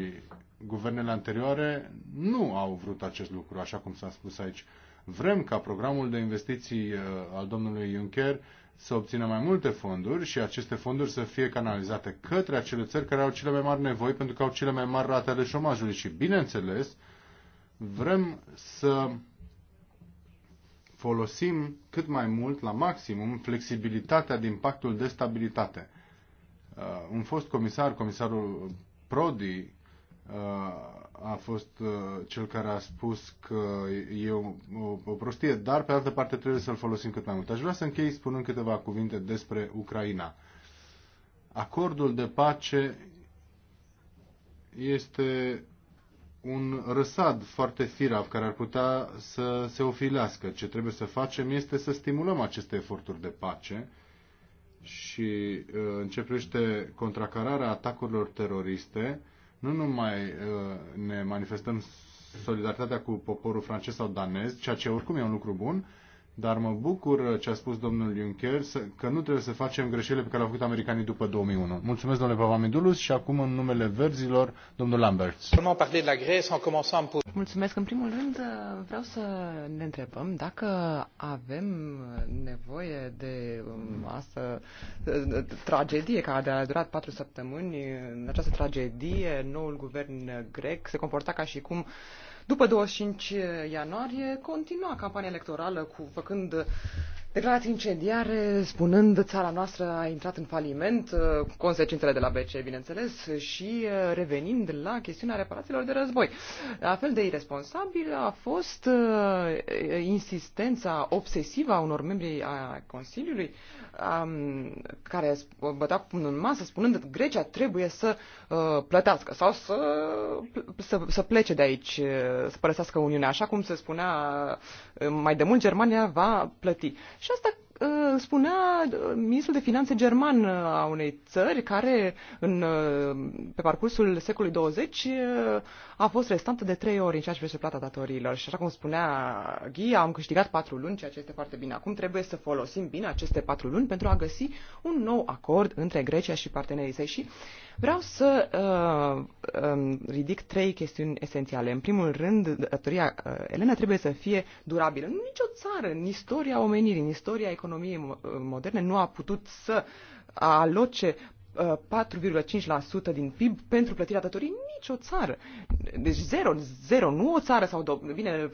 guvernele anterioare nu au vrut acest lucru, așa cum s-a spus aici. Vrem ca programul de investiții uh, al domnului Juncker să obțină mai multe fonduri și aceste fonduri să fie canalizate către acele țări care au cele mai mari nevoi pentru că au cele mai mari rate ale șomajului. Și, bineînțeles, vrem să folosim cât mai mult, la maximum, flexibilitatea din pactul de stabilitate – Uh, un fost comisar, comisarul Prodi, uh, a fost uh, cel care a spus că e o, o, o prostie, dar pe altă parte trebuie să-l folosim cât mai mult. Aș vrea să închei spunând câteva cuvinte despre Ucraina. Acordul de pace este un răsad foarte firav care ar putea să se ofilească. Ce trebuie să facem este să stimulăm aceste eforturi de pace și uh, începește contracararea atacurilor teroriste, nu numai uh, ne manifestăm solidaritatea cu poporul francez sau danez, ceea ce oricum e un lucru bun, dar mă bucur ce a spus domnul Juncker, că nu trebuie să facem greșelile pe care le-au făcut americanii după 2001. Mulțumesc, domnule Papamidulus, și acum în numele verzilor, domnul Lambert. Mulțumesc. În primul rând, vreau să ne întrebăm dacă avem nevoie de um, asta tragedie care a durat patru săptămâni. În această tragedie, noul guvern grec se comporta ca și cum uh, după 25 ianuarie continua campania electorală cu, făcând declarații incendiare spunând țara noastră a intrat în faliment, uh, consecințele de la Bc, bineînțeles, și uh, revenind la chestiunea reparațiilor de război. La fel de irresponsabil a fost uh, insistența obsesivă a unor membri a Consiliului um, care bătea până în masă spunând că Grecia trebuie să plătească sau să, să, să plece de aici, să părăsească Uniunea, așa cum se spunea mai de mult Germania va plăti. Și asta uh, spunea uh, ministrul de finanțe german uh, a unei țări care în, uh, pe parcursul secolului 20 a fost restantă de trei ori în ceea ce privește plata datoriilor. Și așa cum spunea Ghi, am câștigat patru luni, ceea ce este foarte bine. Acum trebuie să folosim bine aceste patru luni pentru a găsi un nou acord între Grecia și partenerii săi. Și Vreau să uh, uh, ridic trei chestiuni esențiale. În primul rând, datoria uh, Elena trebuie să fie durabilă. Nu nicio țară, în istoria omenirii, în istoria economiei moderne, nu a putut să aloce 4,5% din PIB pentru plătirea datorii nicio țară. Deci zero, zero, nu o țară sau vine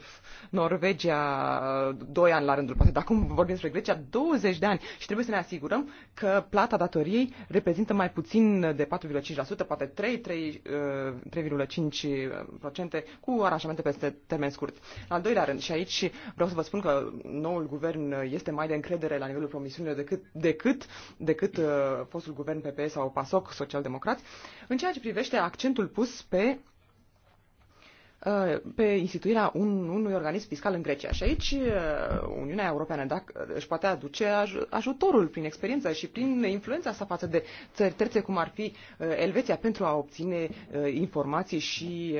Norvegia 2 ani la rândul, poate, dar acum vorbim despre Grecia 20 de ani și trebuie să ne asigurăm că plata datoriei reprezintă mai puțin de 4,5%, poate 3, 3, 3,5% cu aranjamente peste termen scurt. Al doilea rând, și aici vreau să vă spun că noul guvern este mai de încredere la nivelul promisiunilor decât, decât, decât uh, fostul guvern PPS sau PASOC, socialdemocrați, în ceea ce privește accentul pus pe Uh, pe instituirea un, unui organism fiscal în Grecia. Și aici uh, Uniunea Europeană dacă își poate aduce aj, ajutorul prin experiență și prin influența sa față de țări terțe, cum ar fi uh, Elveția, pentru a obține informații și,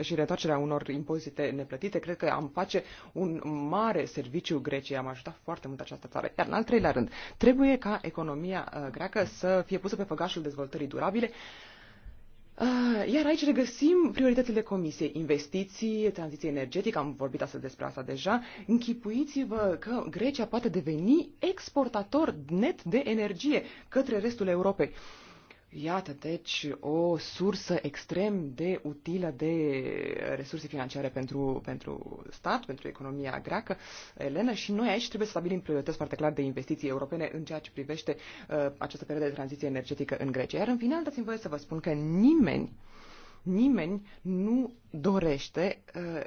și retoarcerea unor impozite neplătite. Cred că am face un mare serviciu Greciei. Am ajutat foarte mult această țară. Iar în al treilea rând, trebuie ca economia greacă să fie pusă pe făgașul dezvoltării durabile Ah, iar aici regăsim prioritățile comisiei, investiții, tranziție energetică, am vorbit astăzi despre asta deja. Închipuiți-vă că Grecia poate deveni exportator net de energie către restul Europei. Iată, deci, o sursă extrem de utilă de resurse financiare pentru, pentru stat, pentru economia greacă. Elena, și noi aici trebuie să stabilim priorități foarte clar de investiții europene în ceea ce privește uh, această perioadă de tranziție energetică în Grecia. Iar în final, dați-mi voie să vă spun că nimeni, nimeni nu dorește uh,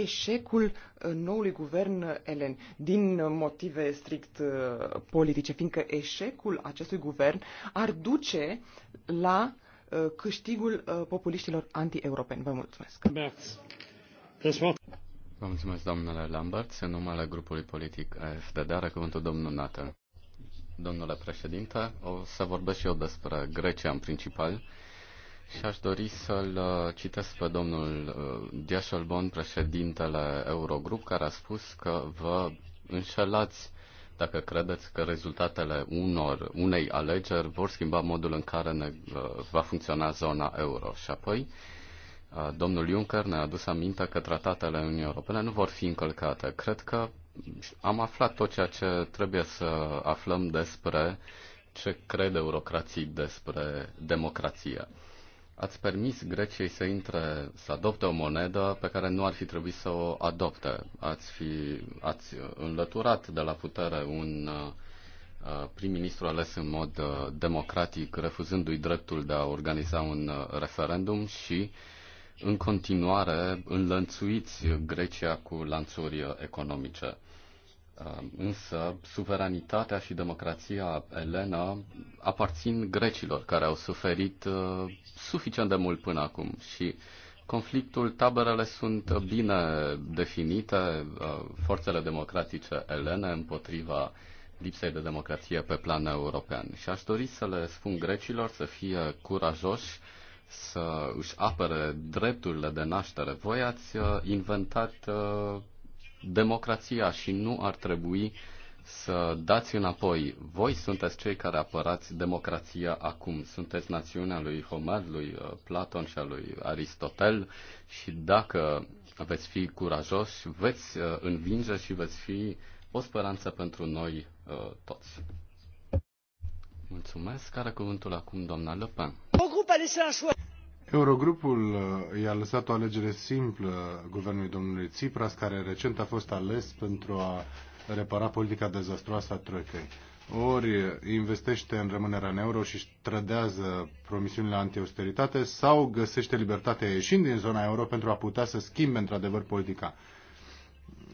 eșecul uh, noului guvern uh, elen, din uh, motive strict politice, fiindcă eșecul acestui guvern ar duce la câștigul populiștilor anti-europeni. Vă mulțumesc. Vă mulțumesc, domnule Lambert. În numele grupului politic AFD, dar cuvântul domnul Nată. Domnule președinte, o să vorbesc și eu despre Grecia în principal și aș dori să-l uh, citesc pe domnul uh, Dieselbon, președintele Eurogrup, care a spus că vă înșelați dacă credeți că rezultatele unor, unei alegeri vor schimba modul în care ne, uh, va funcționa zona euro. Și apoi, domnul Juncker ne-a adus aminte că tratatele Uniunii Europene nu vor fi încălcate. Cred că am aflat tot ceea ce trebuie să aflăm despre ce cred eurocrații despre democrație ați permis Greciei să intre, să adopte o monedă pe care nu ar fi trebuit să o adopte. Ați, fi, ați înlăturat de la putere un uh, uh, prim-ministru ales în mod uh, democratic, refuzându-i dreptul de a organiza un referendum și în continuare înlănțuiți Grecia cu lanțuri economice. Ehm, însă, suveranitatea și democrația elena aparțin grecilor care au suferit ehm, suficient de mult până acum și conflictul, taberele sunt bine definite, ehm, forțele democratice elene împotriva lipsei de democrație pe plan european. Și aș dori să le spun grecilor să fie curajoși, să își apere drepturile de naștere. Voi ați inventat democrația și nu ar trebui să dați înapoi. Voi sunteți cei care apărați democrația acum. Sunteți națiunea lui Homer, lui uh, Platon și a lui Aristotel și dacă veți fi curajoși, veți uh, învinge și veți fi o speranță pentru noi uh, toți. Mulțumesc. Care cuvântul acum, doamna Le Pen? Eurogrupul uh, i-a lăsat o alegere simplă guvernului domnului Tsipras, care recent a fost ales pentru a repara politica dezastroasă a Troicăi. Ori investește în rămânerea în euro și trădează promisiunile anti-austeritate, sau găsește libertatea ieșind din zona euro pentru a putea să schimbe într-adevăr politica.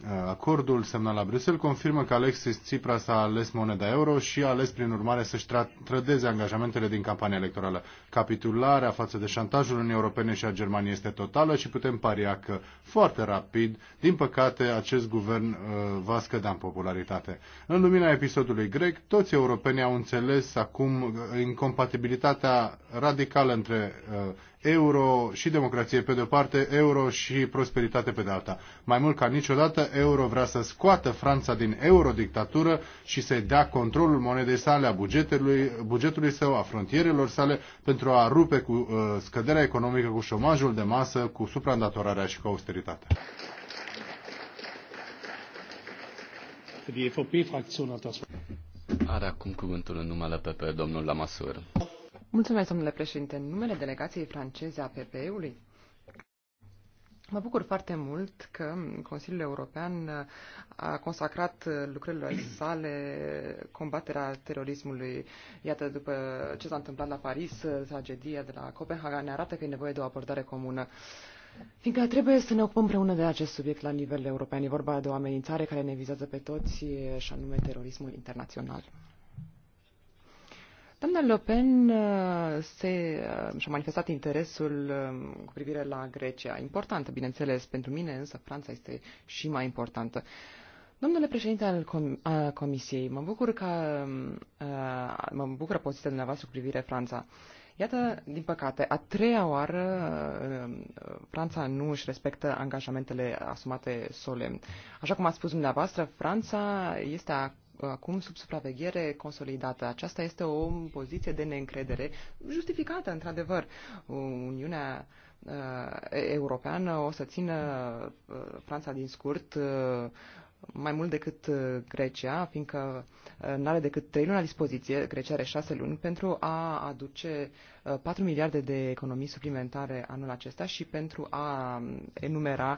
Uh, acordul semnat la Bruxelles confirmă că Alexis Tsipras a ales moneda euro și a ales prin urmare să-și trădeze angajamentele din campania electorală. Capitularea față de șantajul Uniunii Europene și a Germaniei este totală și putem paria că foarte rapid, din păcate, acest guvern uh, va scădea în popularitate. În lumina episodului grec, toți europenii au înțeles acum uh, incompatibilitatea radicală între uh, euro și democrație pe de-o parte, euro și prosperitate pe de alta. Mai mult ca niciodată, euro vrea să scoată Franța din eurodictatură și să-i dea controlul monedei sale, a bugetului, bugetului său, a frontierelor sale, pentru a rupe cu uh, scăderea economică, cu șomajul de masă, cu supraîndatorarea și cu austeritatea. Are acum cuvântul în numele PP, domnul Lamasur. Mulțumesc, domnule președinte. În numele delegației franceze a PPE-ului, Mă bucur foarte mult că Consiliul European a consacrat lucrările sale combaterea terorismului. Iată, după ce s-a întâmplat la Paris, tragedia de la Copenhaga ne arată că e nevoie de o abordare comună. Fiindcă trebuie să ne ocupăm împreună de acest subiect la nivel european. E vorba de o amenințare care ne vizează pe toți, și anume terorismul internațional. Doamna Le Pen uh, se, uh, și-a manifestat interesul um, cu privire la Grecia. Importantă, bineînțeles, pentru mine, însă Franța este și mai importantă. Domnule președinte al com- a Comisiei, mă bucur că um, uh, mă bucură poziția dumneavoastră cu privire Franța. Iată, din păcate, a treia oară um, Franța nu își respectă angajamentele asumate solemn. Așa cum a spus dumneavoastră, Franța este acum sub supraveghere consolidată. Aceasta este o poziție de neîncredere justificată, într-adevăr. Uniunea uh, europeană o să țină uh, Franța din scurt uh, mai mult decât uh, Grecia, fiindcă uh, nu are decât 3 luni la dispoziție, Grecia are 6 luni, pentru a aduce 4 uh, miliarde de economii suplimentare anul acesta și pentru a um, enumera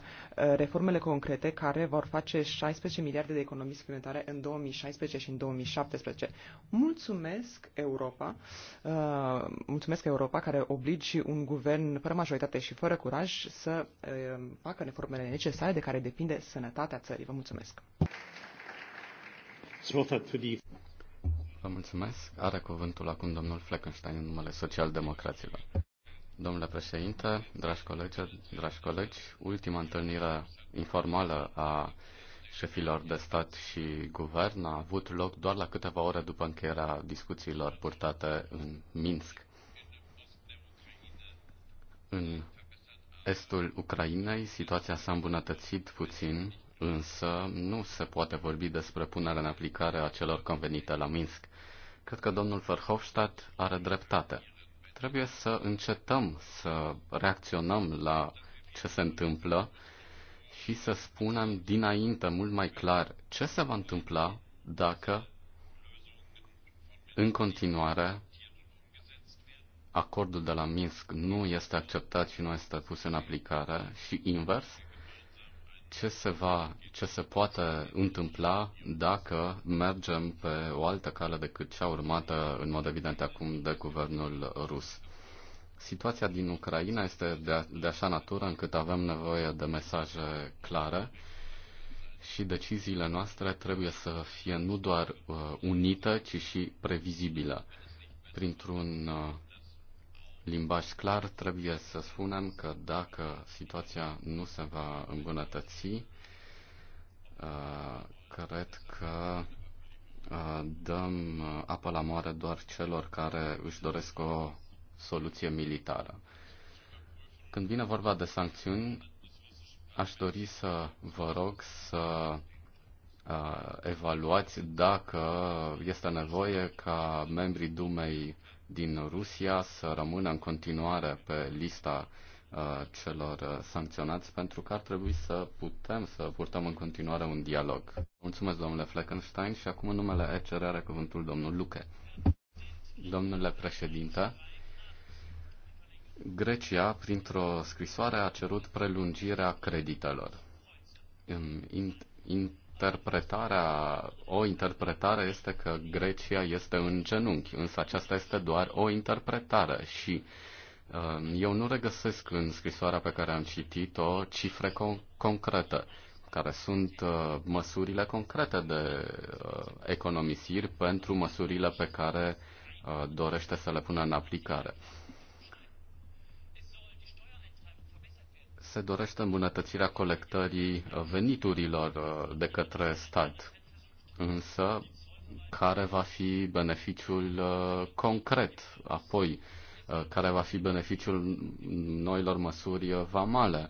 reformele concrete care vor face 16 miliarde de economii suplimentare în 2016 și în 2017. Mulțumesc Europa, mulțumesc Europa care obligi un guvern fără majoritate și fără curaj să facă reformele necesare de care depinde sănătatea țării. Vă mulțumesc! Mulțumesc! Vă mulțumesc. Are cuvântul acum domnul Fleckenstein în numele socialdemocraților. Domnule președinte, dragi colegi, dragi colegi, ultima întâlnire informală a șefilor de stat și guvern a avut loc doar la câteva ore după încheierea discuțiilor purtate în Minsk. În estul Ucrainei situația s-a îmbunătățit puțin însă nu se poate vorbi despre punerea în aplicare a celor convenite la Minsk. Cred că domnul Verhofstadt are dreptate. Trebuie să încetăm să reacționăm la ce se întâmplă și să spunem dinainte mult mai clar ce se va întâmpla dacă în continuare acordul de la Minsk nu este acceptat și nu este pus în aplicare și invers, ce se, va, ce se poate întâmpla dacă mergem pe o altă cale decât cea urmată în mod evident acum de guvernul rus. Situația din Ucraina este de, a, de așa natură încât avem nevoie de mesaje clare și deciziile noastre trebuie să fie nu doar uh, unite, ci și previzibile printr-un uh, limbaj clar, trebuie să spunem că dacă situația nu se va îmbunătăți, uh, cred că uh, dăm apă la moare doar celor care își doresc o soluție militară. Când vine vorba de sancțiuni, aș dori să vă rog să uh, evaluați dacă este nevoie ca membrii Dumei din Rusia să rămână în continuare pe lista uh, celor uh, sancționați pentru că ar trebui să putem să purtăm în continuare un dialog. Mulțumesc, domnule Fleckenstein, și acum în numele ECR are cuvântul domnul Luke, Domnule președinte, Grecia, printr-o scrisoare, a cerut prelungirea creditelor. In, in, interpretarea, o interpretare este că Grecia este în genunchi, însă aceasta este doar o interpretare și uh, eu nu regăsesc în scrisoarea pe care am citit-o cifre con- concrete, care sunt uh, măsurile concrete de uh, economisiri pentru măsurile pe care uh, dorește să le pună în aplicare. Uh, se dorește îmbunătățirea colectării veniturilor uh, de către stat. Însă, care va fi beneficiul uh, concret apoi? Uh, care va fi beneficiul noilor măsuri vamale?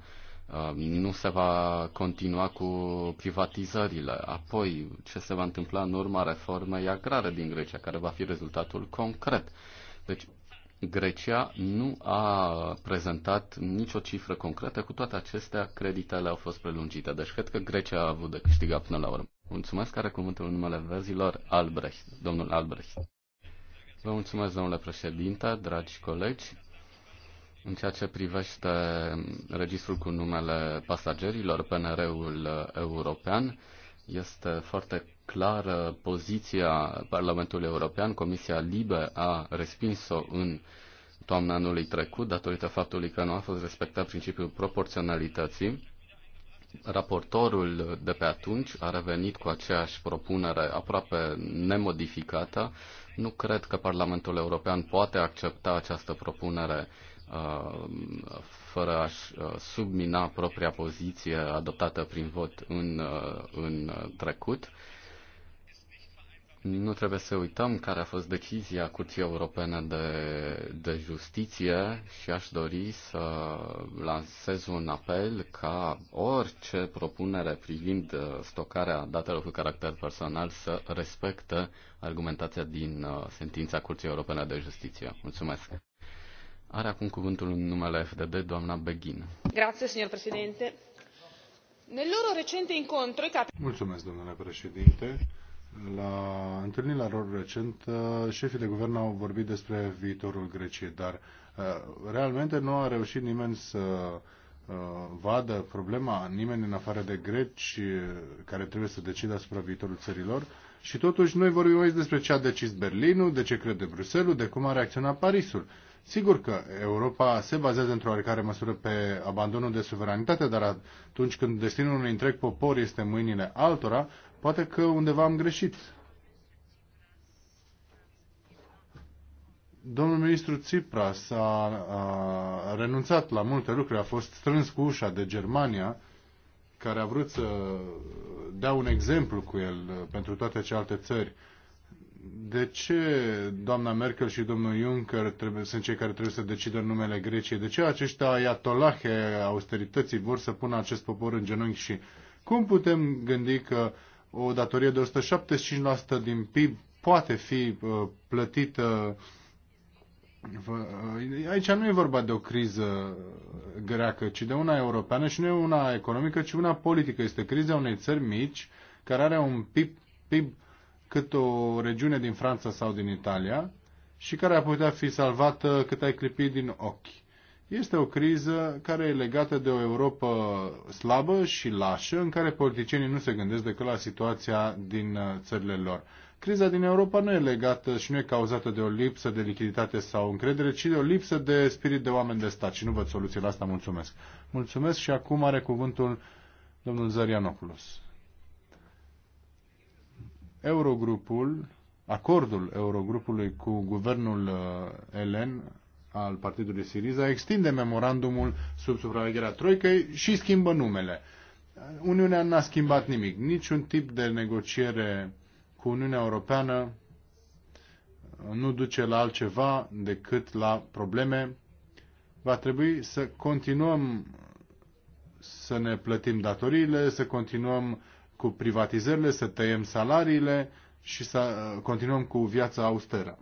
Nu se va continua cu privatizările. Apoi, ce se va întâmpla în urma reformei agrare din Grecia? Care va fi rezultatul concret? Deci, Grecia nu a prezentat nicio cifră concretă, cu toate acestea creditele au fost prelungite. Deci cred că Grecia a avut de câștigat până la urmă. Mulțumesc, care cuvântul în numele verzilor, Albrecht, domnul Albrecht. Vă mulțumesc, domnule președinte, dragi colegi. În ceea ce privește registrul cu numele pasagerilor, PNR-ul european, este foarte clară poziția Parlamentului European. Comisia Libe a respins-o în toamna anului trecut, datorită faptului că nu a fost respectat principiul proporționalității. Raportorul de pe atunci a revenit cu aceeași propunere aproape nemodificată. Nu cred că Parlamentul European poate accepta această propunere uh, fără a-și uh, submina propria poziție adoptată prin vot în, uh, în trecut. Nu trebuie să uităm care a fost decizia Curții Europene de, de Justiție și aș dori să lansez un apel ca orice propunere privind uh, stocarea datelor cu caracter personal să respectă argumentația din uh, sentința Curții Europene de Justiție. Mulțumesc. Are acum cuvântul în numele FDD doamna Beghin. Grazie, signor președinte. Nel loro recente incontro... Mulțumesc, domnule președinte. La întâlnirea lor recent, șefii de guvern au vorbit despre viitorul Greciei, dar uh, realmente nu a reușit nimeni să uh, vadă problema, nimeni în afară de greci uh, care trebuie să decide asupra viitorul țărilor. Și totuși noi vorbim aici despre ce a decis Berlinul, de ce crede Bruselul, de cum a reacționat Parisul. Sigur că Europa se bazează într-o oarecare măsură pe abandonul de suveranitate, dar atunci când destinul unui întreg popor este în mâinile altora, poate că undeva am greșit. Domnul ministru Tsipras a, a renunțat la multe lucruri, a fost strâns cu ușa de Germania, care a vrut să dea un exemplu cu el pentru toate celelalte țări de ce doamna Merkel și domnul Juncker trebuie, sunt cei care trebuie să decidă numele Greciei? De ce acești ayatollahe austerității vor să pună acest popor în genunchi și cum putem gândi că o datorie de 175% din PIB poate fi uh, plătită Aici nu e vorba de o criză greacă, ci de una europeană și nu e una economică, ci una politică. Este criza unei țări mici care are un PIB, PIB cât o regiune din Franța sau din Italia și care a putea fi salvată cât ai clipi din ochi. Este o criză care e legată de o Europa slabă și lașă, în care politicienii nu se gândesc decât la situația din uh, țările lor. Criza din Europa nu e legată și nu e cauzată de o lipsă de lichiditate sau încredere, ci de o lipsă de spirit de oameni de stat. Și nu văd soluția la asta, mulțumesc. Mulțumesc și acum are cuvântul domnul Zarianopoulos. Eurogrupul, acordul Eurogrupului cu guvernul uh, elen al partidului Siriza extinde memorandumul sub supravegherea Troicăi și schimbă numele. Uniunea n-a schimbat nimic, niciun tip de negociere cu Uniunea Europeană uh, nu duce la altceva decât la probleme. Va trebui să continuăm să ne plătim datoriile, să continuăm cu privatizările, să tăiem salariile și să uh, continuăm cu viața austeră.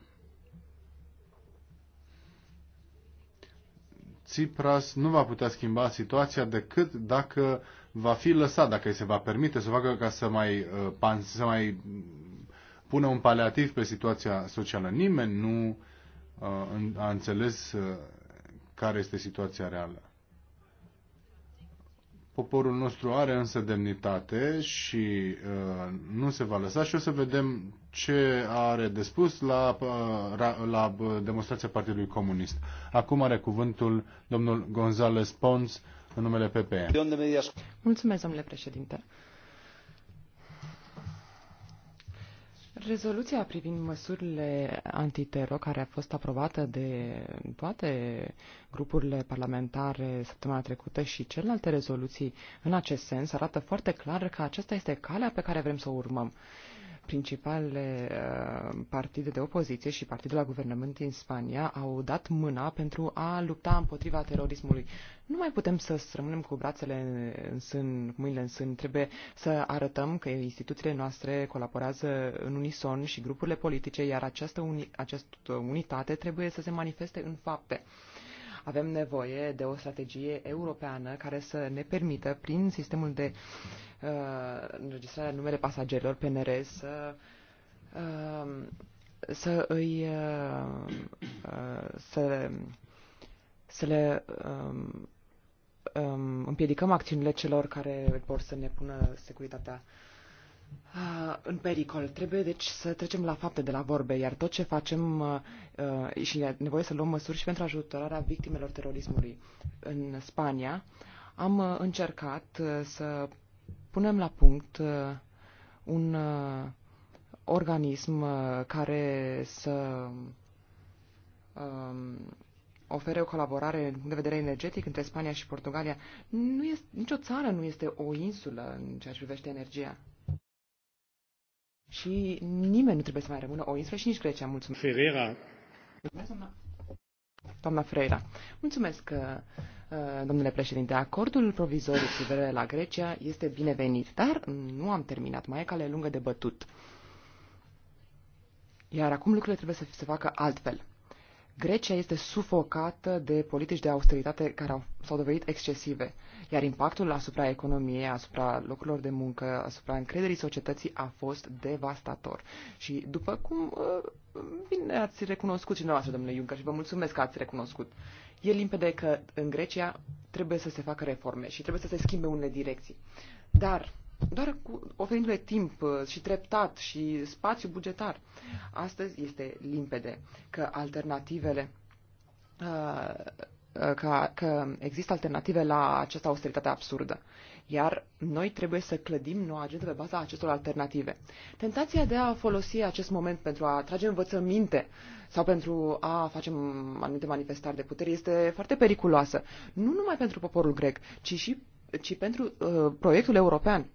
Tsipras nu va putea schimba situația decât dacă va fi lăsat, dacă îi se va permite să facă ca să mai, uh, să mai pune un paliativ pe situația socială. Nimeni nu uh, a înțeles care este situația reală. Poporul nostru are însă demnitate și uh, nu se va lăsa și o să vedem ce are de spus la, uh, la uh, demonstrația Partidului Comunist. Acum are cuvântul domnul González Pons în numele PPE. Mulțumesc, domnule președinte. Rezoluția privind măsurile antitero care a fost aprobată de toate grupurile parlamentare săptămâna trecută și celelalte rezoluții în acest sens arată foarte clar că aceasta este calea pe care vrem să o urmăm principalele uh, partide de opoziție și partidul la guvernământ din Spania au dat mâna pentru a lupta împotriva terorismului. Nu mai putem să rămânem cu brațele în sân, cu mâinile în sân. Trebuie să arătăm că instituțiile noastre colaborează în unison și grupurile politice, iar această, uni, această unitate trebuie să se manifeste în fapte. Avem nevoie de o strategie europeană care să ne permită, prin sistemul de uh, înregistrare a numele pasagerilor, PNR, să uh, să îi uh, uh, să, să le um, um, împiedicăm acțiunile celor care vor să ne pună securitatea uh, Ah, în pericol. Trebuie deci să trecem la fapte de la vorbe, iar tot ce facem uh, și e nevoie să luăm măsuri și pentru ajutorarea victimelor terorismului în Spania, am uh, încercat uh, să punem la punct uh, un uh, organism uh, care să uh, ofere o colaborare din punct de vedere energetic între Spania și Portugalia. Nu este, nicio țară nu este o insulă în ceea ce privește energia și nimeni nu trebuie să mai rămână o insulă și nici Grecia. Mulțumesc. Ferreira. Mulțumesc, doamna. Doamna Freira, mulțumesc, uh, uh, domnule președinte. Acordul provizoriu cu privire la Grecia este binevenit, dar nu am terminat. Mai e cale lungă de bătut. Iar acum lucrurile trebuie să se facă altfel. Grecia este sufocată de politici de austeritate care s-au dovedit excesive, iar impactul asupra economiei, asupra locurilor de muncă, asupra încrederii societății a fost devastator. Și după cum uh, bine ați recunoscut și dumneavoastră, domnule Juncker, și vă mulțumesc că ați recunoscut, e limpede că în Grecia trebuie să se facă reforme și trebuie să se schimbe unele direcții. Dar doar cu oferindu-le timp uh, și treptat și spațiu bugetar. Astăzi este limpede că alternativele uh, uh, că, că există alternative la această austeritate absurdă. Iar noi trebuie să clădim noua agendă pe baza acestor alternative. Tentația de a folosi acest moment pentru a trage învățăminte sau pentru a face anumite manifestări de putere este foarte periculoasă. Nu numai pentru poporul grec, ci și ci pentru uh, proiectul european.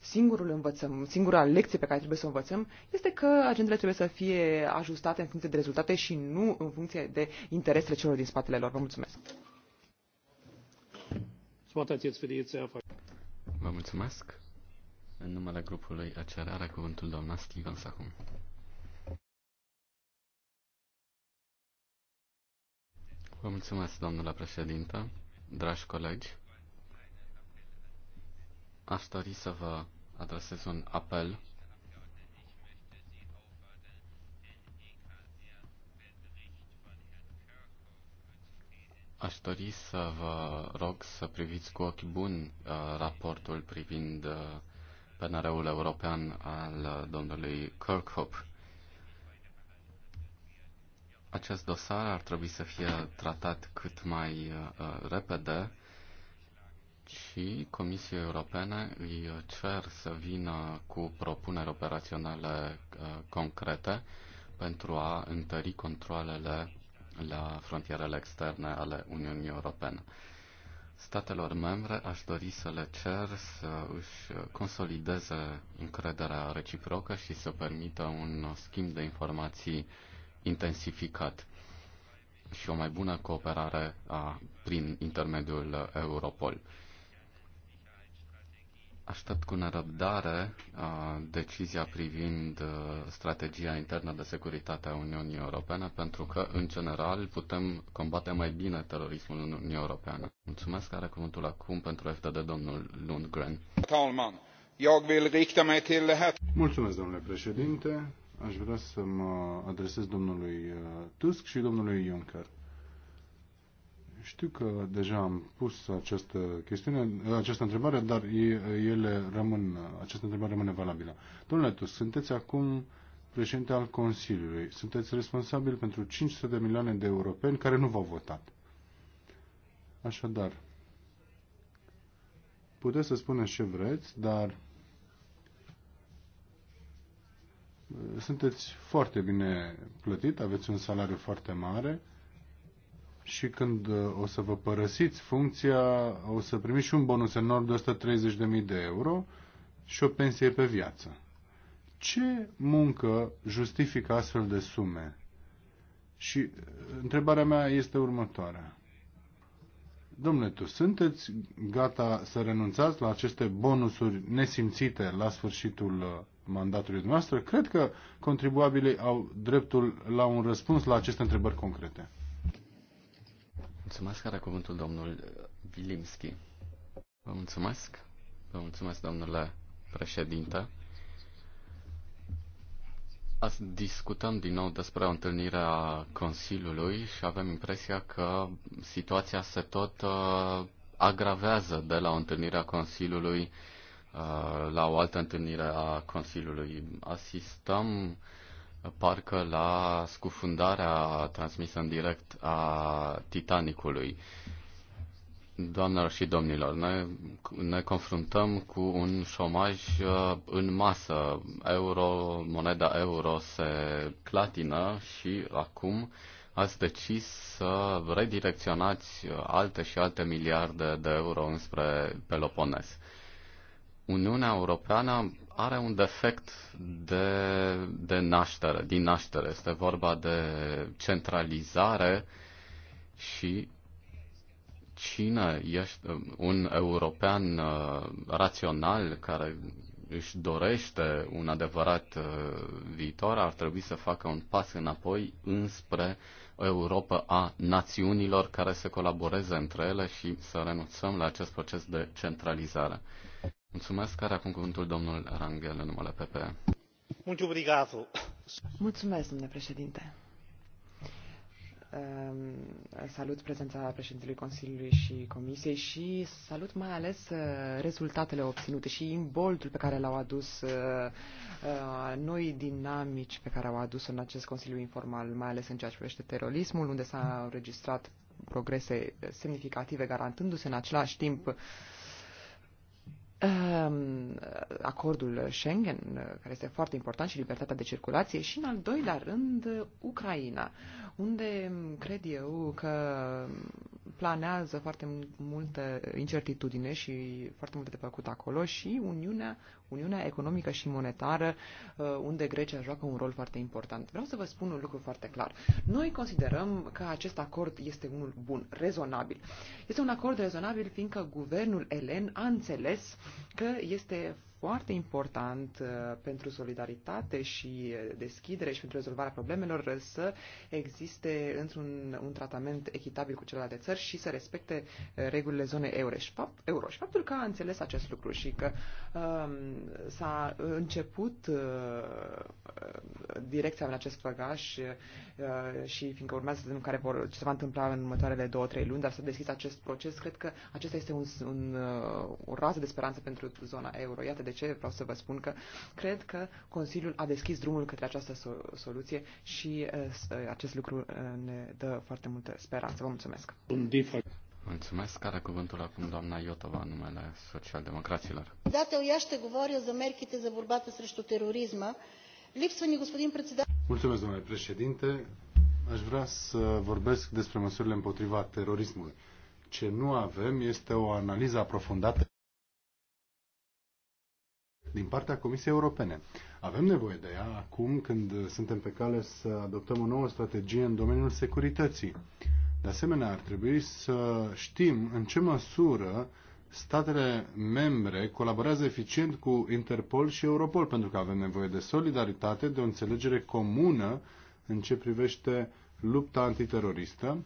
Singurul învățăm, singura lecție pe care trebuie să o învățăm este că agendele trebuie să fie ajustate în funcție de rezultate și nu în funcție de interesele celor din spatele lor. Vă mulțumesc! Vă mulțumesc! În numele grupului ACR are cuvântul doamna Stevens Sahum. Vă mulțumesc, domnule președinte, dragi colegi aș dori să vă adresez un apel. Aș dori să vă rog să priviți cu ochi buni uh, raportul privind uh, PNR-ul european al uh, domnului Kirkhope. Acest dosar ar trebui să fie tratat cât mai repede și Comisia Europeană îi cer să vină cu propuneri operaționale uh, concrete pentru a întări controlele la frontierele externe ale Uniunii Europene. Statelor membre aș dori să le cer să își consolideze încrederea reciprocă și să permită un schimb de informații intensificat și o mai bună cooperare a, prin intermediul Europol. Aștept cu nerăbdare uh, decizia privind uh, strategia internă de securitate a Uniunii Europene, pentru că, în general, putem combate mai bine terorismul în Uniunea Europeană. Mulțumesc, are cuvântul acum pentru FDD, domnul Lundgren. Mulțumesc, domnule președinte. Aș vrea să mă adresez domnului uh, Tusk și domnului Juncker. Știu că deja am pus această chestiune, această întrebare, dar ele rămân, această întrebare rămâne valabilă. Domnule Tus, sunteți acum președinte al Consiliului. Sunteți responsabil pentru 500 de milioane de europeni care nu v-au votat. Așadar, puteți să spuneți ce vreți, dar sunteți foarte bine plătit, aveți un salariu foarte mare, și când uh, o să vă părăsiți funcția, o să primiți și un bonus enorm de 130.000 de euro și o pensie pe viață. Ce muncă justifică astfel de sume? Și uh, întrebarea mea este următoarea. Domnule, tu sunteți gata să renunțați la aceste bonusuri nesimțite la sfârșitul uh, mandatului dumneavoastră? Cred că contribuabilii au dreptul la un răspuns la aceste întrebări concrete. Mulțumesc, are cuvântul domnul Vilimski. Vă mulțumesc. Vă mulțumesc, domnule președinte. Azi discutăm din nou despre o întâlnire a Consiliului și avem impresia că situația se tot uh, agravează de la o întâlnire a Consiliului uh, la o altă întâlnire a Consiliului. Asistăm uh, parcă la scufundarea transmisă în direct a Titanicului. Doamnelor și domnilor, ne, ne confruntăm cu un șomaj uh, în masă. Euro, moneda euro se clatină și acum ați decis să redirecționați alte și alte miliarde de euro înspre Peloponez. Uniunea Europeană are un defect de, de naștere, din naștere. Este vorba de centralizare și cine este un european uh, rațional care își dorește un adevărat uh, viitor, ar trebui să facă un pas înapoi înspre o Europa a națiunilor care să colaboreze între ele și să renunțăm la acest proces de centralizare. Mulțumesc. Care acum cuvântul domnul Rangel în numele PP. Mulțumesc, domnule președinte. Ehm, salut prezența președintelui Consiliului și Comisiei și salut mai ales eh, rezultatele obținute și imboltul pe care l-au adus eh, eh, noi dinamici pe care au adus în acest Consiliu informal, mai ales în ceea ce privește terorismul, unde s-au înregistrat progrese semnificative, garantându-se în același timp uh, Ehm, acordul Schengen, care este foarte important, și libertatea de circulație, și, în al doilea rând, Ucraina, unde cred eu că planează foarte multe incertitudine și foarte multe de făcut acolo și Uniunea, Uniunea Economică și Monetară, uh, unde Grecia joacă un rol foarte important. Vreau să vă spun un lucru foarte clar. Noi considerăm că acest acord este unul bun, rezonabil. Este un acord rezonabil fiindcă guvernul elen a înțeles că este foarte important uh, pentru solidaritate și uh, deschidere și pentru rezolvarea problemelor uh, să existe într-un un tratament echitabil cu celelalte țări și să respecte regulile zonei euro. Și, fapt, euro. și faptul că a înțeles acest lucru și că um, s-a început uh, direcția în acest făgaș uh, și fiindcă urmează să vedem care vor, ce se va întâmpla în următoarele două, trei luni, dar să deschis acest proces, cred că acesta este un, un, uh, o rază de speranță pentru zona euro. Iată de ce vreau să vă spun că cred că Consiliul a deschis drumul către această soluție și uh, uh, acest lucru uh, ne dă foarte multă speranță. Vă mulțumesc! Mulțumesc. Care cuvântul acum doamna Iotova în numele socialdemocraților? Dată я ще говоря за мерките za борбата срещу тероризма. Lipsă ni господин председател. Mulțumesc, domnule președinte. Aș vrea să vorbesc despre măsurile împotriva terorismului. Ce nu avem este o analiză aprofundată din partea Comisiei Europene. Avem nevoie de ea acum când suntem pe cale să adoptăm o nouă strategie în domeniul securității. De asemenea, ar trebui să știm în ce măsură statele membre colaborează eficient cu Interpol și Europol, pentru că avem nevoie de solidaritate, de o înțelegere comună în ce privește lupta antiteroristă.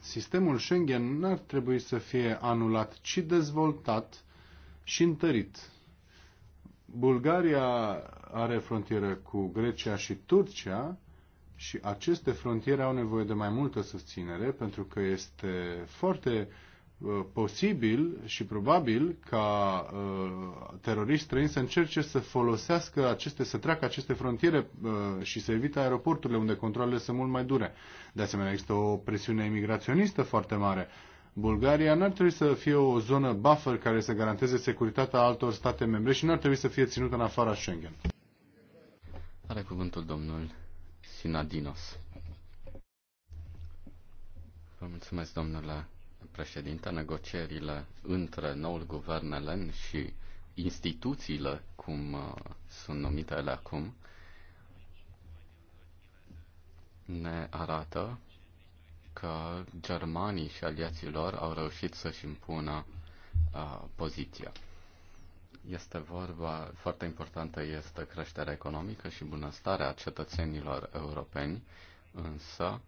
Sistemul Schengen n-ar trebui să fie anulat, ci dezvoltat și întărit Bulgaria are frontieră cu Grecia și Turcia și aceste frontiere au nevoie de mai multă susținere pentru că este foarte uh, posibil și probabil ca uh, teroriști străini să încerce să folosească aceste, să treacă aceste frontiere uh, și să evite aeroporturile unde controlele sunt mult mai dure. De asemenea, există o presiune imigraționistă foarte mare. Uh, Bulgaria n-ar trebui să fie o zonă buffer care să garanteze securitatea altor state membre și n-ar trebui să fie ținută în afara Schengen. Are cuvântul domnul Sinadinos. Vă mulțumesc, domnule președinte. Negocierile între noul guvern elen și instituțiile, cum uh, sunt numite ele acum, ne arată că germanii și aliații lor au reușit să-și impună uh, poziția. Este vorba, foarte importantă este creșterea economică și bunăstarea cetățenilor europeni, însă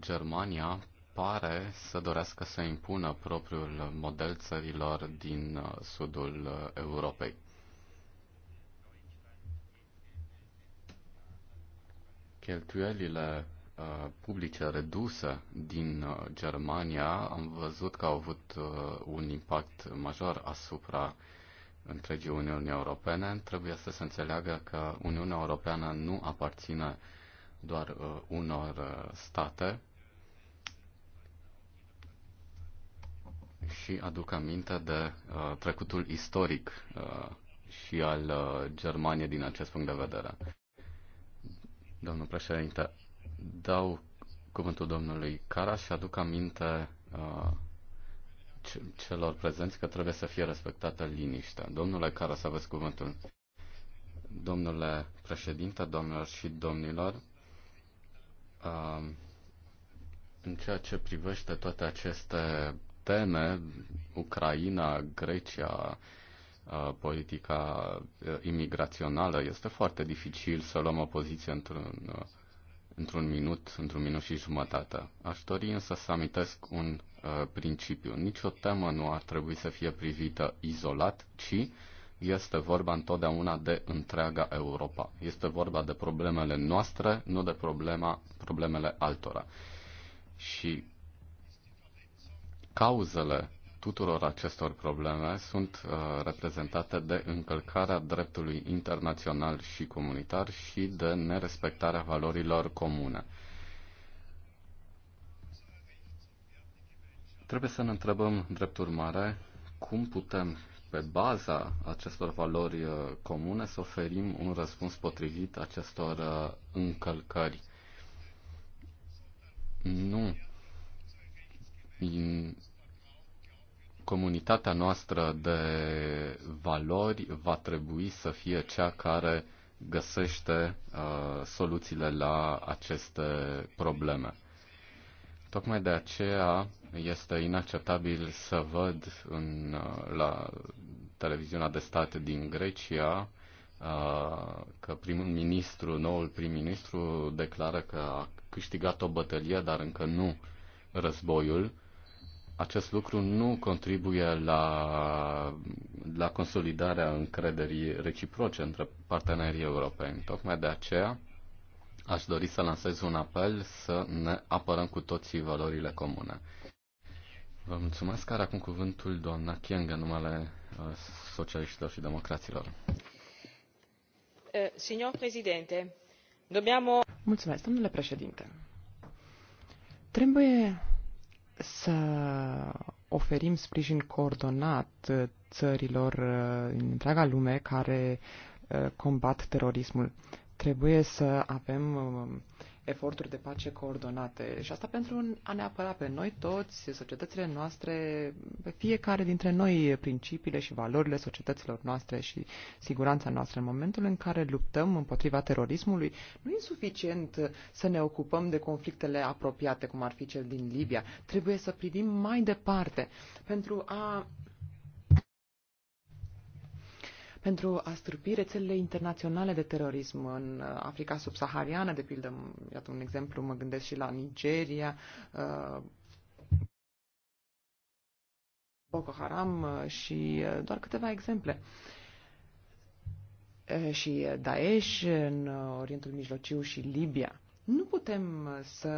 Germania pare să dorească să impună propriul model țărilor din sudul Europei. Cheltuielile Uh, publice reduse din uh, Germania, am văzut că au avut uh, un impact major asupra întregii Uniunii Europene. Trebuie să se înțeleagă că Uniunea Europeană nu aparține doar unor state, și aduc aminte de uh, trecutul istoric uh, și al uh, Germaniei din acest punct de vedere. Domnul președinte, dau cuvântul domnului Cara și aduc aminte uh, celor prezenți că trebuie să fie respectată liniștea. Domnule Cara, să aveți cuvântul. Domnule președinte, domnilor și domnilor, uh, în ceea ce privește toate aceste teme, Ucraina, Grecia, uh, politica uh, imigrațională, este foarte dificil să luăm o poziție într-un uh, într-un minut, într-un minut și jumătate. Aș dori însă să amintesc un uh, principiu. Nici o temă nu ar trebui să fie privită izolat, ci este vorba întotdeauna de întreaga Europa. Este vorba de problemele noastre, nu de problema, problemele altora. Și cauzele tuturor acestor probleme sunt uh, reprezentate de încălcarea dreptului internațional și comunitar și de nerespectarea valorilor comune. Trebuie să ne întrebăm, drept urmare, cum putem, pe baza acestor valori uh, comune, să oferim un răspuns potrivit acestor uh, încălcări. Nu comunitatea noastră de valori va trebui să fie cea care găsește uh, soluțiile la aceste probleme. Tocmai de aceea este inacceptabil să văd în, uh, la televiziunea de stat din Grecia uh, că primul ministru, noul prim-ministru declară că a câștigat o bătălie, dar încă nu războiul acest lucru nu contribuie la, la consolidarea încrederii reciproce între partenerii europeni. Tocmai de aceea aș dori să lansez un apel să ne apărăm cu toții valorile comune. Vă mulțumesc, care acum cuvântul doamna Chiang, în numele uh, socialiștilor și democraților. Uh, signor președinte, dobbiamo... Mulțumesc, domnule președinte. Trebuie să oferim sprijin coordonat uh, țărilor uh, din întreaga lume care uh, combat terorismul. Trebuie să avem um, eforturi de pace coordonate și asta pentru a ne apăra pe noi toți, societățile noastre, pe fiecare dintre noi principiile și valorile societăților noastre și siguranța noastră. În momentul în care luptăm împotriva terorismului, nu e suficient să ne ocupăm de conflictele apropiate, cum ar fi cel din Libia. Trebuie să privim mai departe pentru a pentru a stârpi rețelele internaționale de terorism în uh, Africa subsahariană, de pildă, iată un exemplu, mă gândesc și la Nigeria, uh, Boko Haram uh, și doar câteva exemple și Daesh în Orientul Mijlociu și Libia. Nu putem să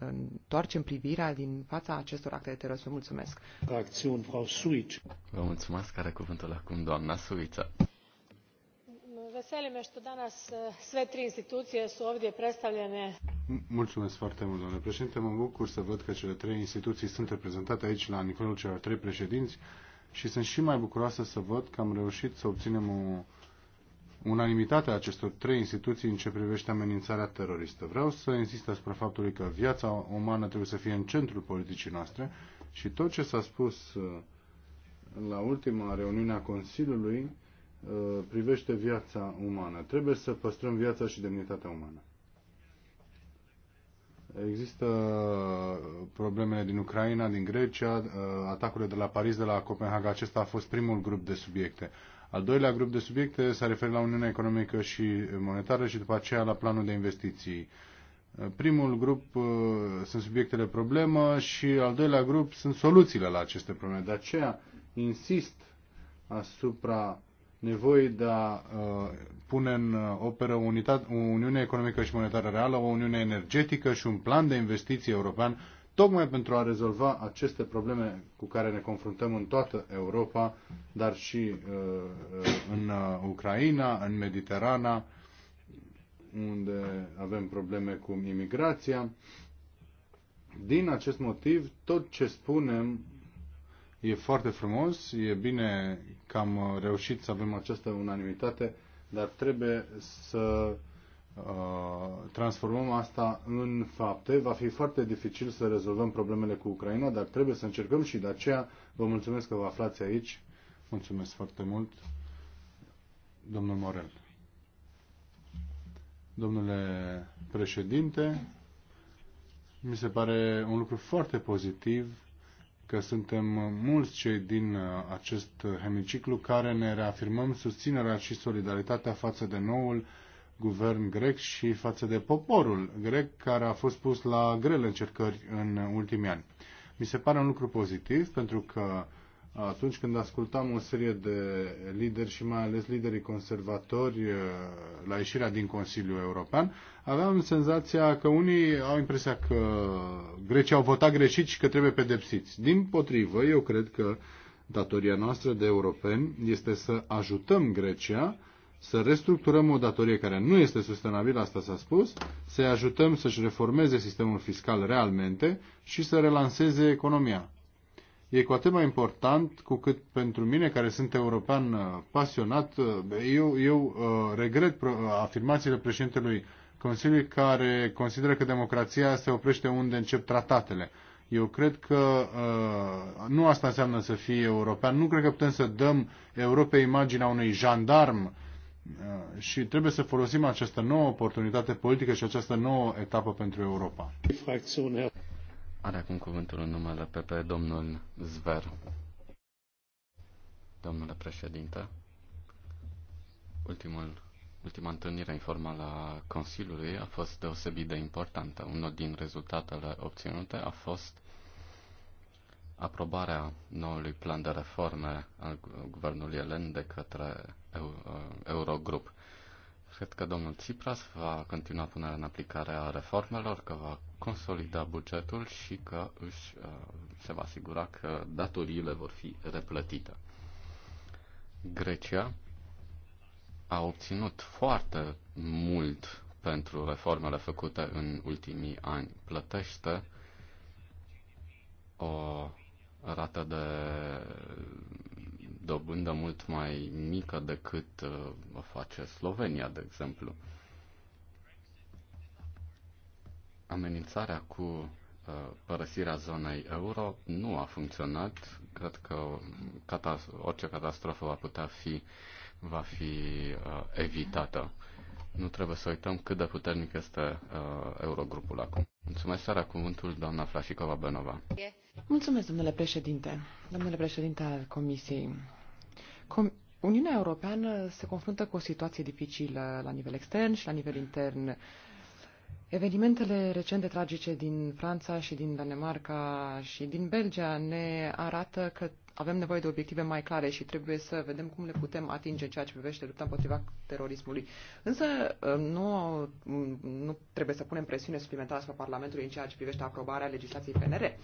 întoarcem privirea din fața acestor acte de Vă Mulțumesc. Acțiuni, Frau Suic. Vă mulțumesc. care cuvântul acum doamna Suica. Veseli što danas eh, sve tri institucije su ovdje predstavljene. Mulțumesc foarte mult, domnule președinte. Mă bucur să văd că cele trei instituții sunt reprezentate aici la nivelul celor trei președinți și sunt și mai bucuroasă să văd că am reușit să obținem o unanimitatea acestor trei instituții în ce privește amenințarea teroristă. Vreau să insist asupra faptului că viața umană trebuie să fie în centrul politicii noastre și tot ce s-a spus uh, la ultima reuniune a Consiliului uh, privește viața umană. Trebuie să păstrăm viața și demnitatea umană. Există problemele din Ucraina, din Grecia, uh, atacurile de la Paris, de la Copenhaga. Acesta a fost primul grup de subiecte. Al doilea grup de subiecte s-a referit la Uniunea Economică și Monetară și după aceea la planul de investiții. Primul grup uh, sunt subiectele problemă și al doilea grup sunt soluțiile la aceste probleme. De aceea insist asupra nevoii de a uh, pune în operă unitate, o Uniune Economică și Monetară Reală, o Uniune Energetică și un plan de investiții european tocmai pentru a rezolva aceste probleme cu care ne confruntăm în toată Europa, dar și uh, uh, în uh, Ucraina, în Mediterana, unde avem probleme cu imigrația. Din acest motiv, tot ce spunem e foarte frumos, e bine că am reușit să avem această unanimitate, dar trebuie să Uh, transformăm asta în fapte. Va fi foarte dificil să rezolvăm problemele cu Ucraina, dar trebuie să încercăm și de aceea vă mulțumesc că vă aflați aici. Mulțumesc foarte mult, domnul Morel. Domnule președinte, mi se pare un lucru foarte pozitiv că suntem mulți cei din acest hemiciclu care ne reafirmăm susținerea și solidaritatea față de noul guvern grec și față de poporul grec care a fost pus la grele încercări în ultimii ani. Mi se pare un lucru pozitiv pentru că atunci când ascultam o serie de lideri și mai ales liderii conservatori eh, la ieșirea din Consiliul European, aveam senzația că unii au impresia că grecii au votat greșit și că trebuie pedepsiți. Din potrivă, eu cred că datoria noastră de europeni este să ajutăm Grecia să restructurăm o datorie care nu este sustenabilă, asta s-a spus, să-i ajutăm să-și reformeze sistemul fiscal realmente și să relanseze economia. E cu atât mai important cu cât pentru mine, care sunt european uh, pasionat, uh, eu, eu uh, regret afirmațiile președintelui Consiliului care consideră că democrația se oprește unde încep tratatele. Eu cred că uh, nu asta înseamnă să fie european. Nu cred că putem să dăm Europei imaginea unui jandarm Uh, și trebuie să folosim această nouă oportunitate politică și această nouă etapă pentru Europa. Are acum cuvântul în numele PP, domnul Zver. Domnule președinte, ultimul, ultima întâlnire informală a Consiliului a fost deosebit de importantă. Unul din rezultatele obținute a fost aprobarea noului plan de reforme al guvernului elen de către Eurogrup. Cred că domnul Tsipras va continua punerea în aplicare a reformelor, că va consolida bugetul și că își, uh, se va asigura că datoriile vor fi replătite. Grecia a obținut foarte mult pentru reformele făcute în ultimii ani. Plătește o rată de dobândă mult mai mică decât uh, o face Slovenia, de exemplu. Amenințarea cu uh, părăsirea zonei euro nu a funcționat. Cred că orice catastrofă va putea fi, va fi uh, evitată. Nu trebuie să uităm cât de puternic este uh, Eurogrupul acum. Mulțumesc, seara, cuvântul doamna Flașicova Benova. Yeah. Mulțumesc, domnule președinte. Domnule președinte al Comisiei, Com Uniunea Europeană se confruntă cu o situație dificilă la nivel extern și la nivel intern. Evenimentele recente tragice din Franța și din Danemarca și din Belgia ne arată că avem nevoie de obiective mai clare și trebuie să vedem cum le putem atinge în ceea ce privește lupta împotriva terorismului. Însă uh, nu, mm, nu trebuie să punem presiune suplimentară asupra Parlamentului în ceea ce privește aprobarea legislației PNR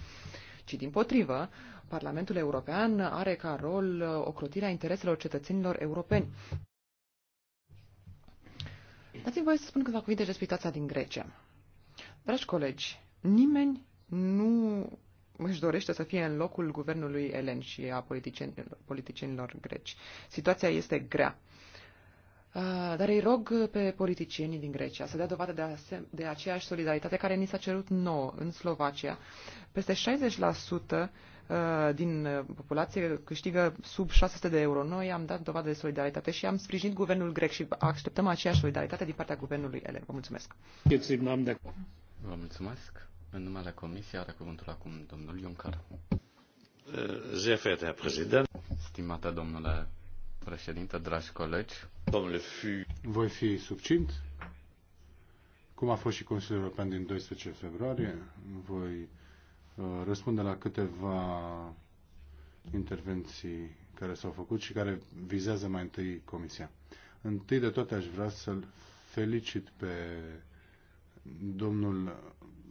ci din potrivă, Parlamentul European are ca rol uh, ocrotirea intereselor cetățenilor europeni. Dați-mi voie să spun câteva cuvinte despre situația din Grecia. Dragi colegi, nimeni nu își dorește să fie în locul guvernului elen și a politicienilor greci. Situația este grea. Uh, dar îi rog pe politicienii din Grecia să dea dovadă de, asem- de aceeași solidaritate care ni s-a cerut nouă în Slovacia. Peste 60% uh, din uh, populație câștigă sub 600 de euro. Noi am dat dovadă de solidaritate și am sprijinit guvernul grec și așteptăm aceeași solidaritate din partea guvernului ele. Vă mulțumesc. Vă mulțumesc. În numele Comisiei are cuvântul acum domnul Juncker. Stimate domnule președinte, dragi colegi, Domnule Voi fi succint? cum a fost și Consiliul European din 12 februarie. Voi uh, răspunde la câteva intervenții care s-au făcut și care vizează mai întâi Comisia. Întâi de toate aș vrea să-l felicit pe domnul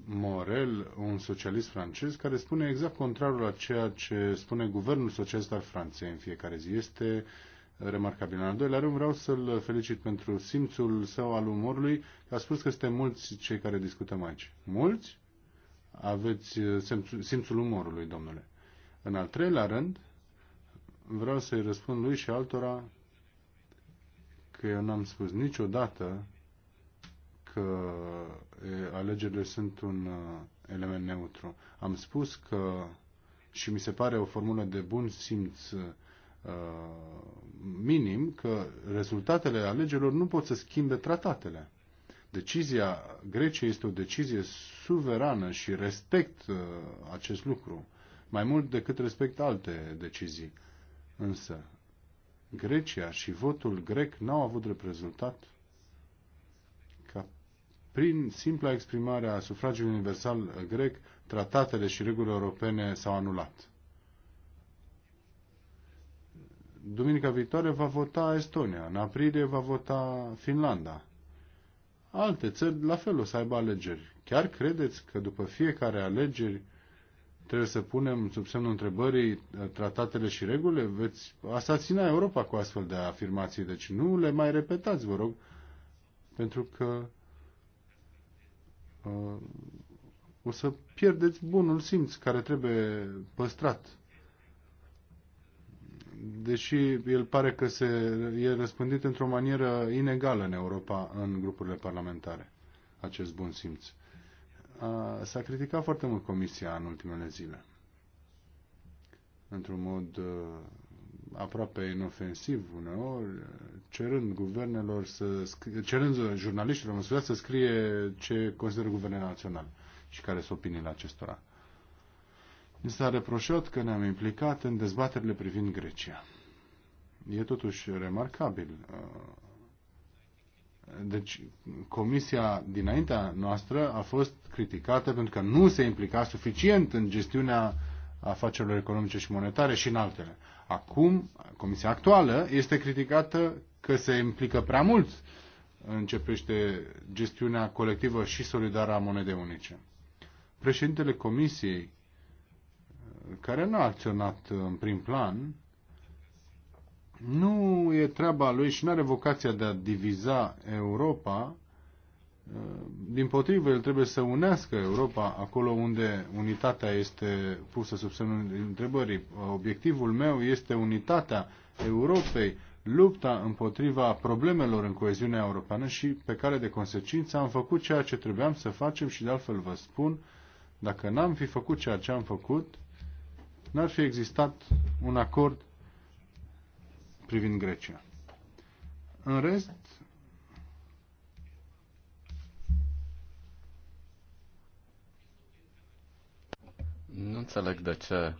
Morel, un socialist francez, care spune exact contrarul la ceea ce spune guvernul socialist al Franței în fiecare zi. Este remarcabil. În al doilea rând vreau să-l felicit pentru simțul său al umorului. A spus că suntem mulți cei care discutăm aici. Mulți? Aveți uh, simțul umorului, domnule. În al treilea rând, vreau să-i răspund lui și altora că eu n-am spus niciodată că alegerile sunt un uh, element neutru. Am spus că, și mi se pare o formulă de bun simț, uh, Uh, minim că rezultatele alegerilor nu pot să schimbe tratatele. Decizia Greciei este o decizie suverană și respect uh, acest lucru, mai mult decât respect alte decizii. Însă, Grecia și votul grec n-au avut reprezentat ca prin simpla exprimare a sufragiului universal grec, tratatele și regulile europene s-au anulat. Duminica viitoare va vota Estonia, în aprilie va vota Finlanda. Alte țări la fel o să aibă alegeri. Chiar credeți că după fiecare alegeri trebuie să punem sub semnul întrebării uh, tratatele și regulile? Veți asasina Europa cu astfel de afirmații, deci nu le mai repetați, vă rog, pentru că uh, o să pierdeți bunul simț care trebuie păstrat deși el pare că se, e răspândit într-o manieră inegală în Europa, în grupurile parlamentare, acest bun simț. S-a criticat foarte mult Comisia în ultimele zile, într-un mod uh, aproape inofensiv uneori, cerând guvernelor să scrie, cerând jurnaliștilor, să scrie ce consideră guvernele naționale și care sunt opiniile acestora. Ni s-a reproșat că ne-am implicat în dezbaterile privind Grecia. E totuși remarcabil. Uh, deci, comisia dinaintea noastră a fost criticată pentru că nu se implica suficient în gestiunea afacerilor economice și monetare și în altele. Acum, comisia actuală este criticată că se implică prea mult în ce privește gestiunea colectivă și solidară a monedei unice. Președintele comisiei care nu a acționat în prim plan, nu e treaba lui și nu are vocația de a diviza Europa. Din potrivă, el trebuie să unească Europa acolo unde unitatea este pusă sub semnul întrebării. Obiectivul meu este unitatea Europei, lupta împotriva problemelor în coeziunea europeană și pe care de consecință am făcut ceea ce trebuiam să facem și de altfel vă spun, dacă n-am fi făcut ceea ce am făcut, n-ar fi existat un acord privind Grecia. În rest, Nu înțeleg de ce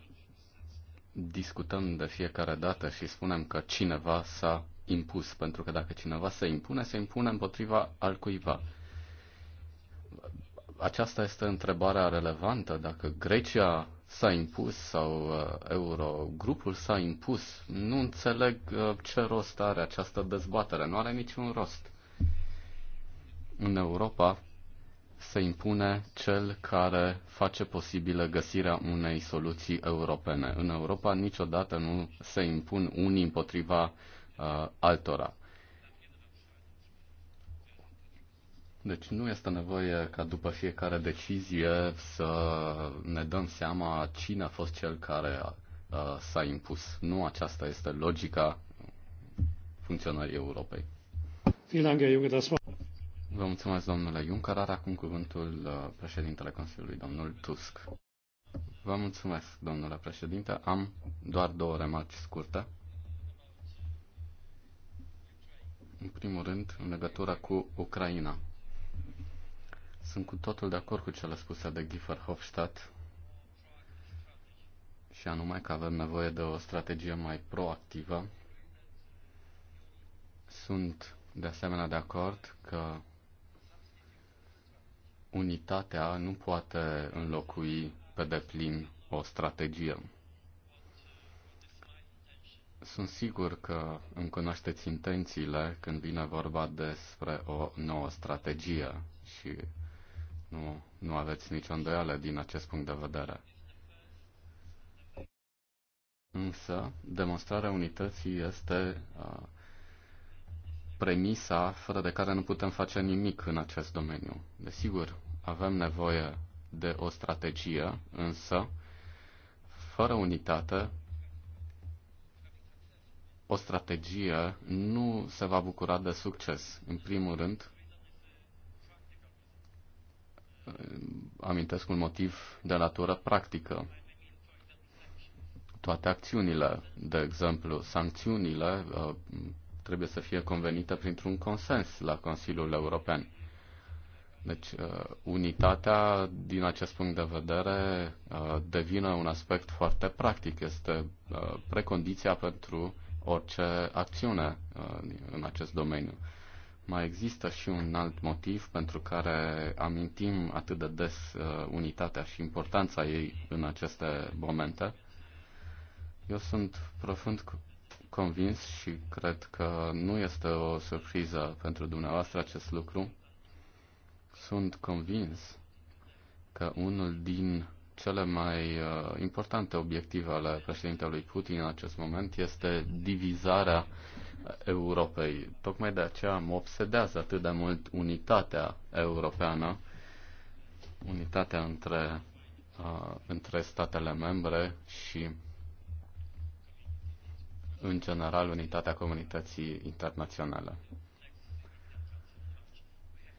discutăm de fiecare dată și spunem că cineva s-a impus, pentru că dacă cineva se impune, se impune împotriva cuiva. Aceasta este întrebarea relevantă. Dacă Grecia s-a impus sau uh, Eurogrupul s-a impus. Nu înțeleg uh, ce rost are această dezbatere. Nu are niciun rost. În Europa se impune cel care face posibilă găsirea unei soluții europene. În Europa niciodată nu se impun unii împotriva uh, altora. Deci nu este nevoie ca după fiecare decizie să ne dăm seama cine a fost cel care uh, s-a impus. Nu aceasta este logica funcționării Europei. Vă mulțumesc, domnule Juncker. Are acum cuvântul uh, președintele Consiliului, domnul Tusk. Vă mulțumesc, domnule președinte. Am doar două remarci scurte. În primul rând, în legătură cu Ucraina. Sunt cu totul de acord cu ce a spus de Giffer Hofstadt și anume că avem nevoie de o strategie mai proactivă. Sunt de asemenea de acord că unitatea nu poate înlocui pe deplin o strategie. Sunt sigur că îmi cunoașteți intențiile când vine vorba despre o nouă strategie și nu, nu aveți nicio îndoială din acest punct de vedere. Însă, demonstrarea unității este a, premisa fără de care nu putem face nimic în acest domeniu. Desigur, avem nevoie de o strategie, însă, fără unitate, o strategie nu se va bucura de succes. În primul rând, amintesc un motiv de natură practică. Toate acțiunile, de exemplu, sancțiunile, uh, trebuie să fie convenite printr-un consens la Consiliul European. Deci, uh, unitatea, din acest punct de vedere, uh, devine un aspect foarte practic. Este precondiția pentru orice acțiune în acest domeniu. Mai există și un alt motiv pentru care amintim atât de des uh, unitatea și importanța ei în aceste momente. Eu sunt profund convins și cred că nu este o surpriză pentru dumneavoastră acest lucru. Sunt convins că unul din cele mai uh, importante obiective ale președintelui Putin în acest moment este divizarea uh, Europei. Tocmai de aceea mă obsedează atât de mult unitatea europeană, unitatea între, uh, între statele membre și, în general, unitatea comunității internaționale.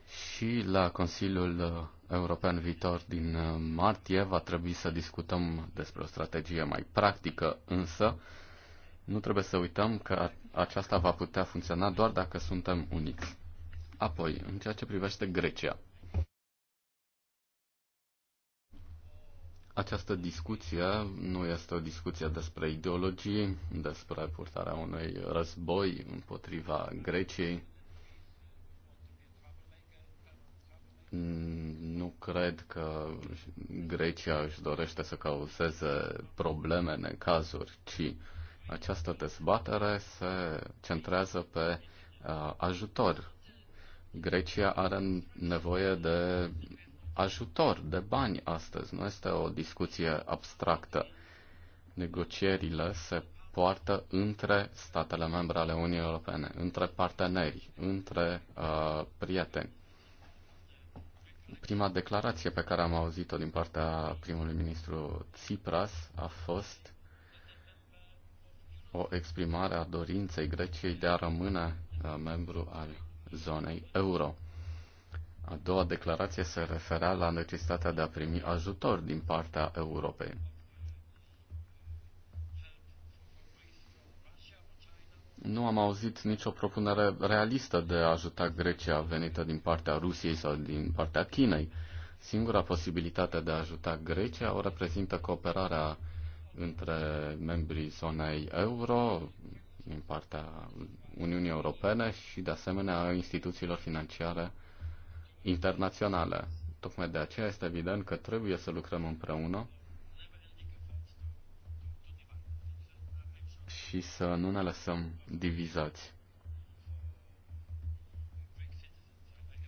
Și la Consiliul European viitor din martie va trebui să discutăm despre o strategie mai practică, însă, uh, nu trebuie să uităm că aceasta va putea funcționa doar dacă suntem uniți. Apoi, în ceea ce privește Grecia. Această discuție nu este o discuție despre ideologie, despre purtarea unui război împotriva Greciei. Nu cred că Grecia își dorește să cauzeze probleme, în cazuri, ci uh, această dezbatere se centrează pe uh, ajutor. Grecia are nevoie de ajutor, de bani astăzi. Nu este o discuție abstractă. Negocierile se poartă între statele membre ale Uniunii Europene, între parteneri, între uh, prieteni. Prima declarație pe care am auzit-o din partea primului ministru Tsipras a fost o exprimare a dorinței Greciei de a rămâne uh, membru al zonei euro. A doua declarație se referea la necesitatea de a primi ajutor din partea Europei. Nu am auzit nicio propunere realistă de a ajuta Grecia venită din partea Rusiei sau din partea Chinei. Singura posibilitate de a ajuta Grecia o reprezintă cooperarea între membrii zonei euro, din partea Uniunii Europene și, de asemenea, a instituțiilor financiare internaționale. Tocmai de aceea este evident că trebuie să lucrăm împreună și să nu ne lăsăm divizați.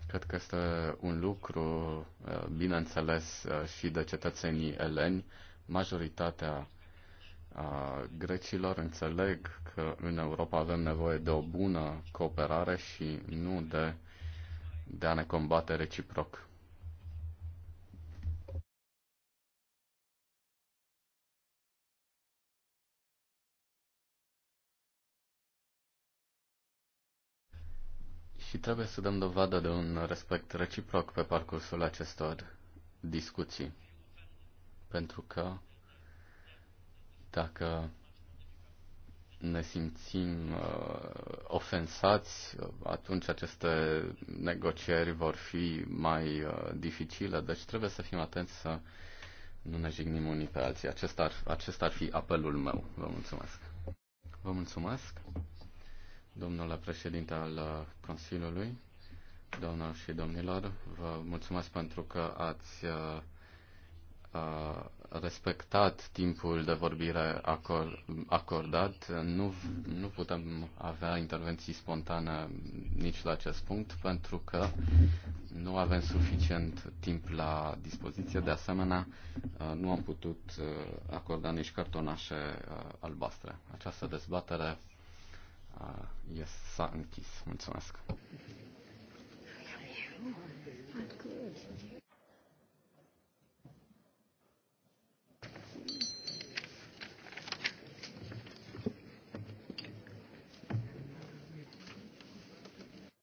Cred că este un lucru, eh, bineînțeles, eh, și de cetățenii eleni. Majoritatea a grecilor, înțeleg că în Europa avem nevoie de o bună cooperare și nu de, de a ne combate reciproc. Și trebuie să dăm dovadă de un respect reciproc pe parcursul acestor discuții. Pentru că dacă ne simțim uh, ofensați, atunci aceste negocieri vor fi mai uh, dificile. Deci trebuie să fim atenți să nu ne jignim unii pe alții. Acesta ar, acest ar fi apelul meu. Vă mulțumesc. Vă mulțumesc, domnule președinte al uh, Consiliului, domnilor și domnilor. Vă mulțumesc pentru că ați. Uh, respectat timpul de vorbire acordat. Nu, nu putem avea intervenții spontane nici la acest punct, pentru că nu avem suficient timp la dispoziție. De asemenea, nu am putut acorda nici cartonașe albastre. Această dezbatere s-a închis. Mulțumesc!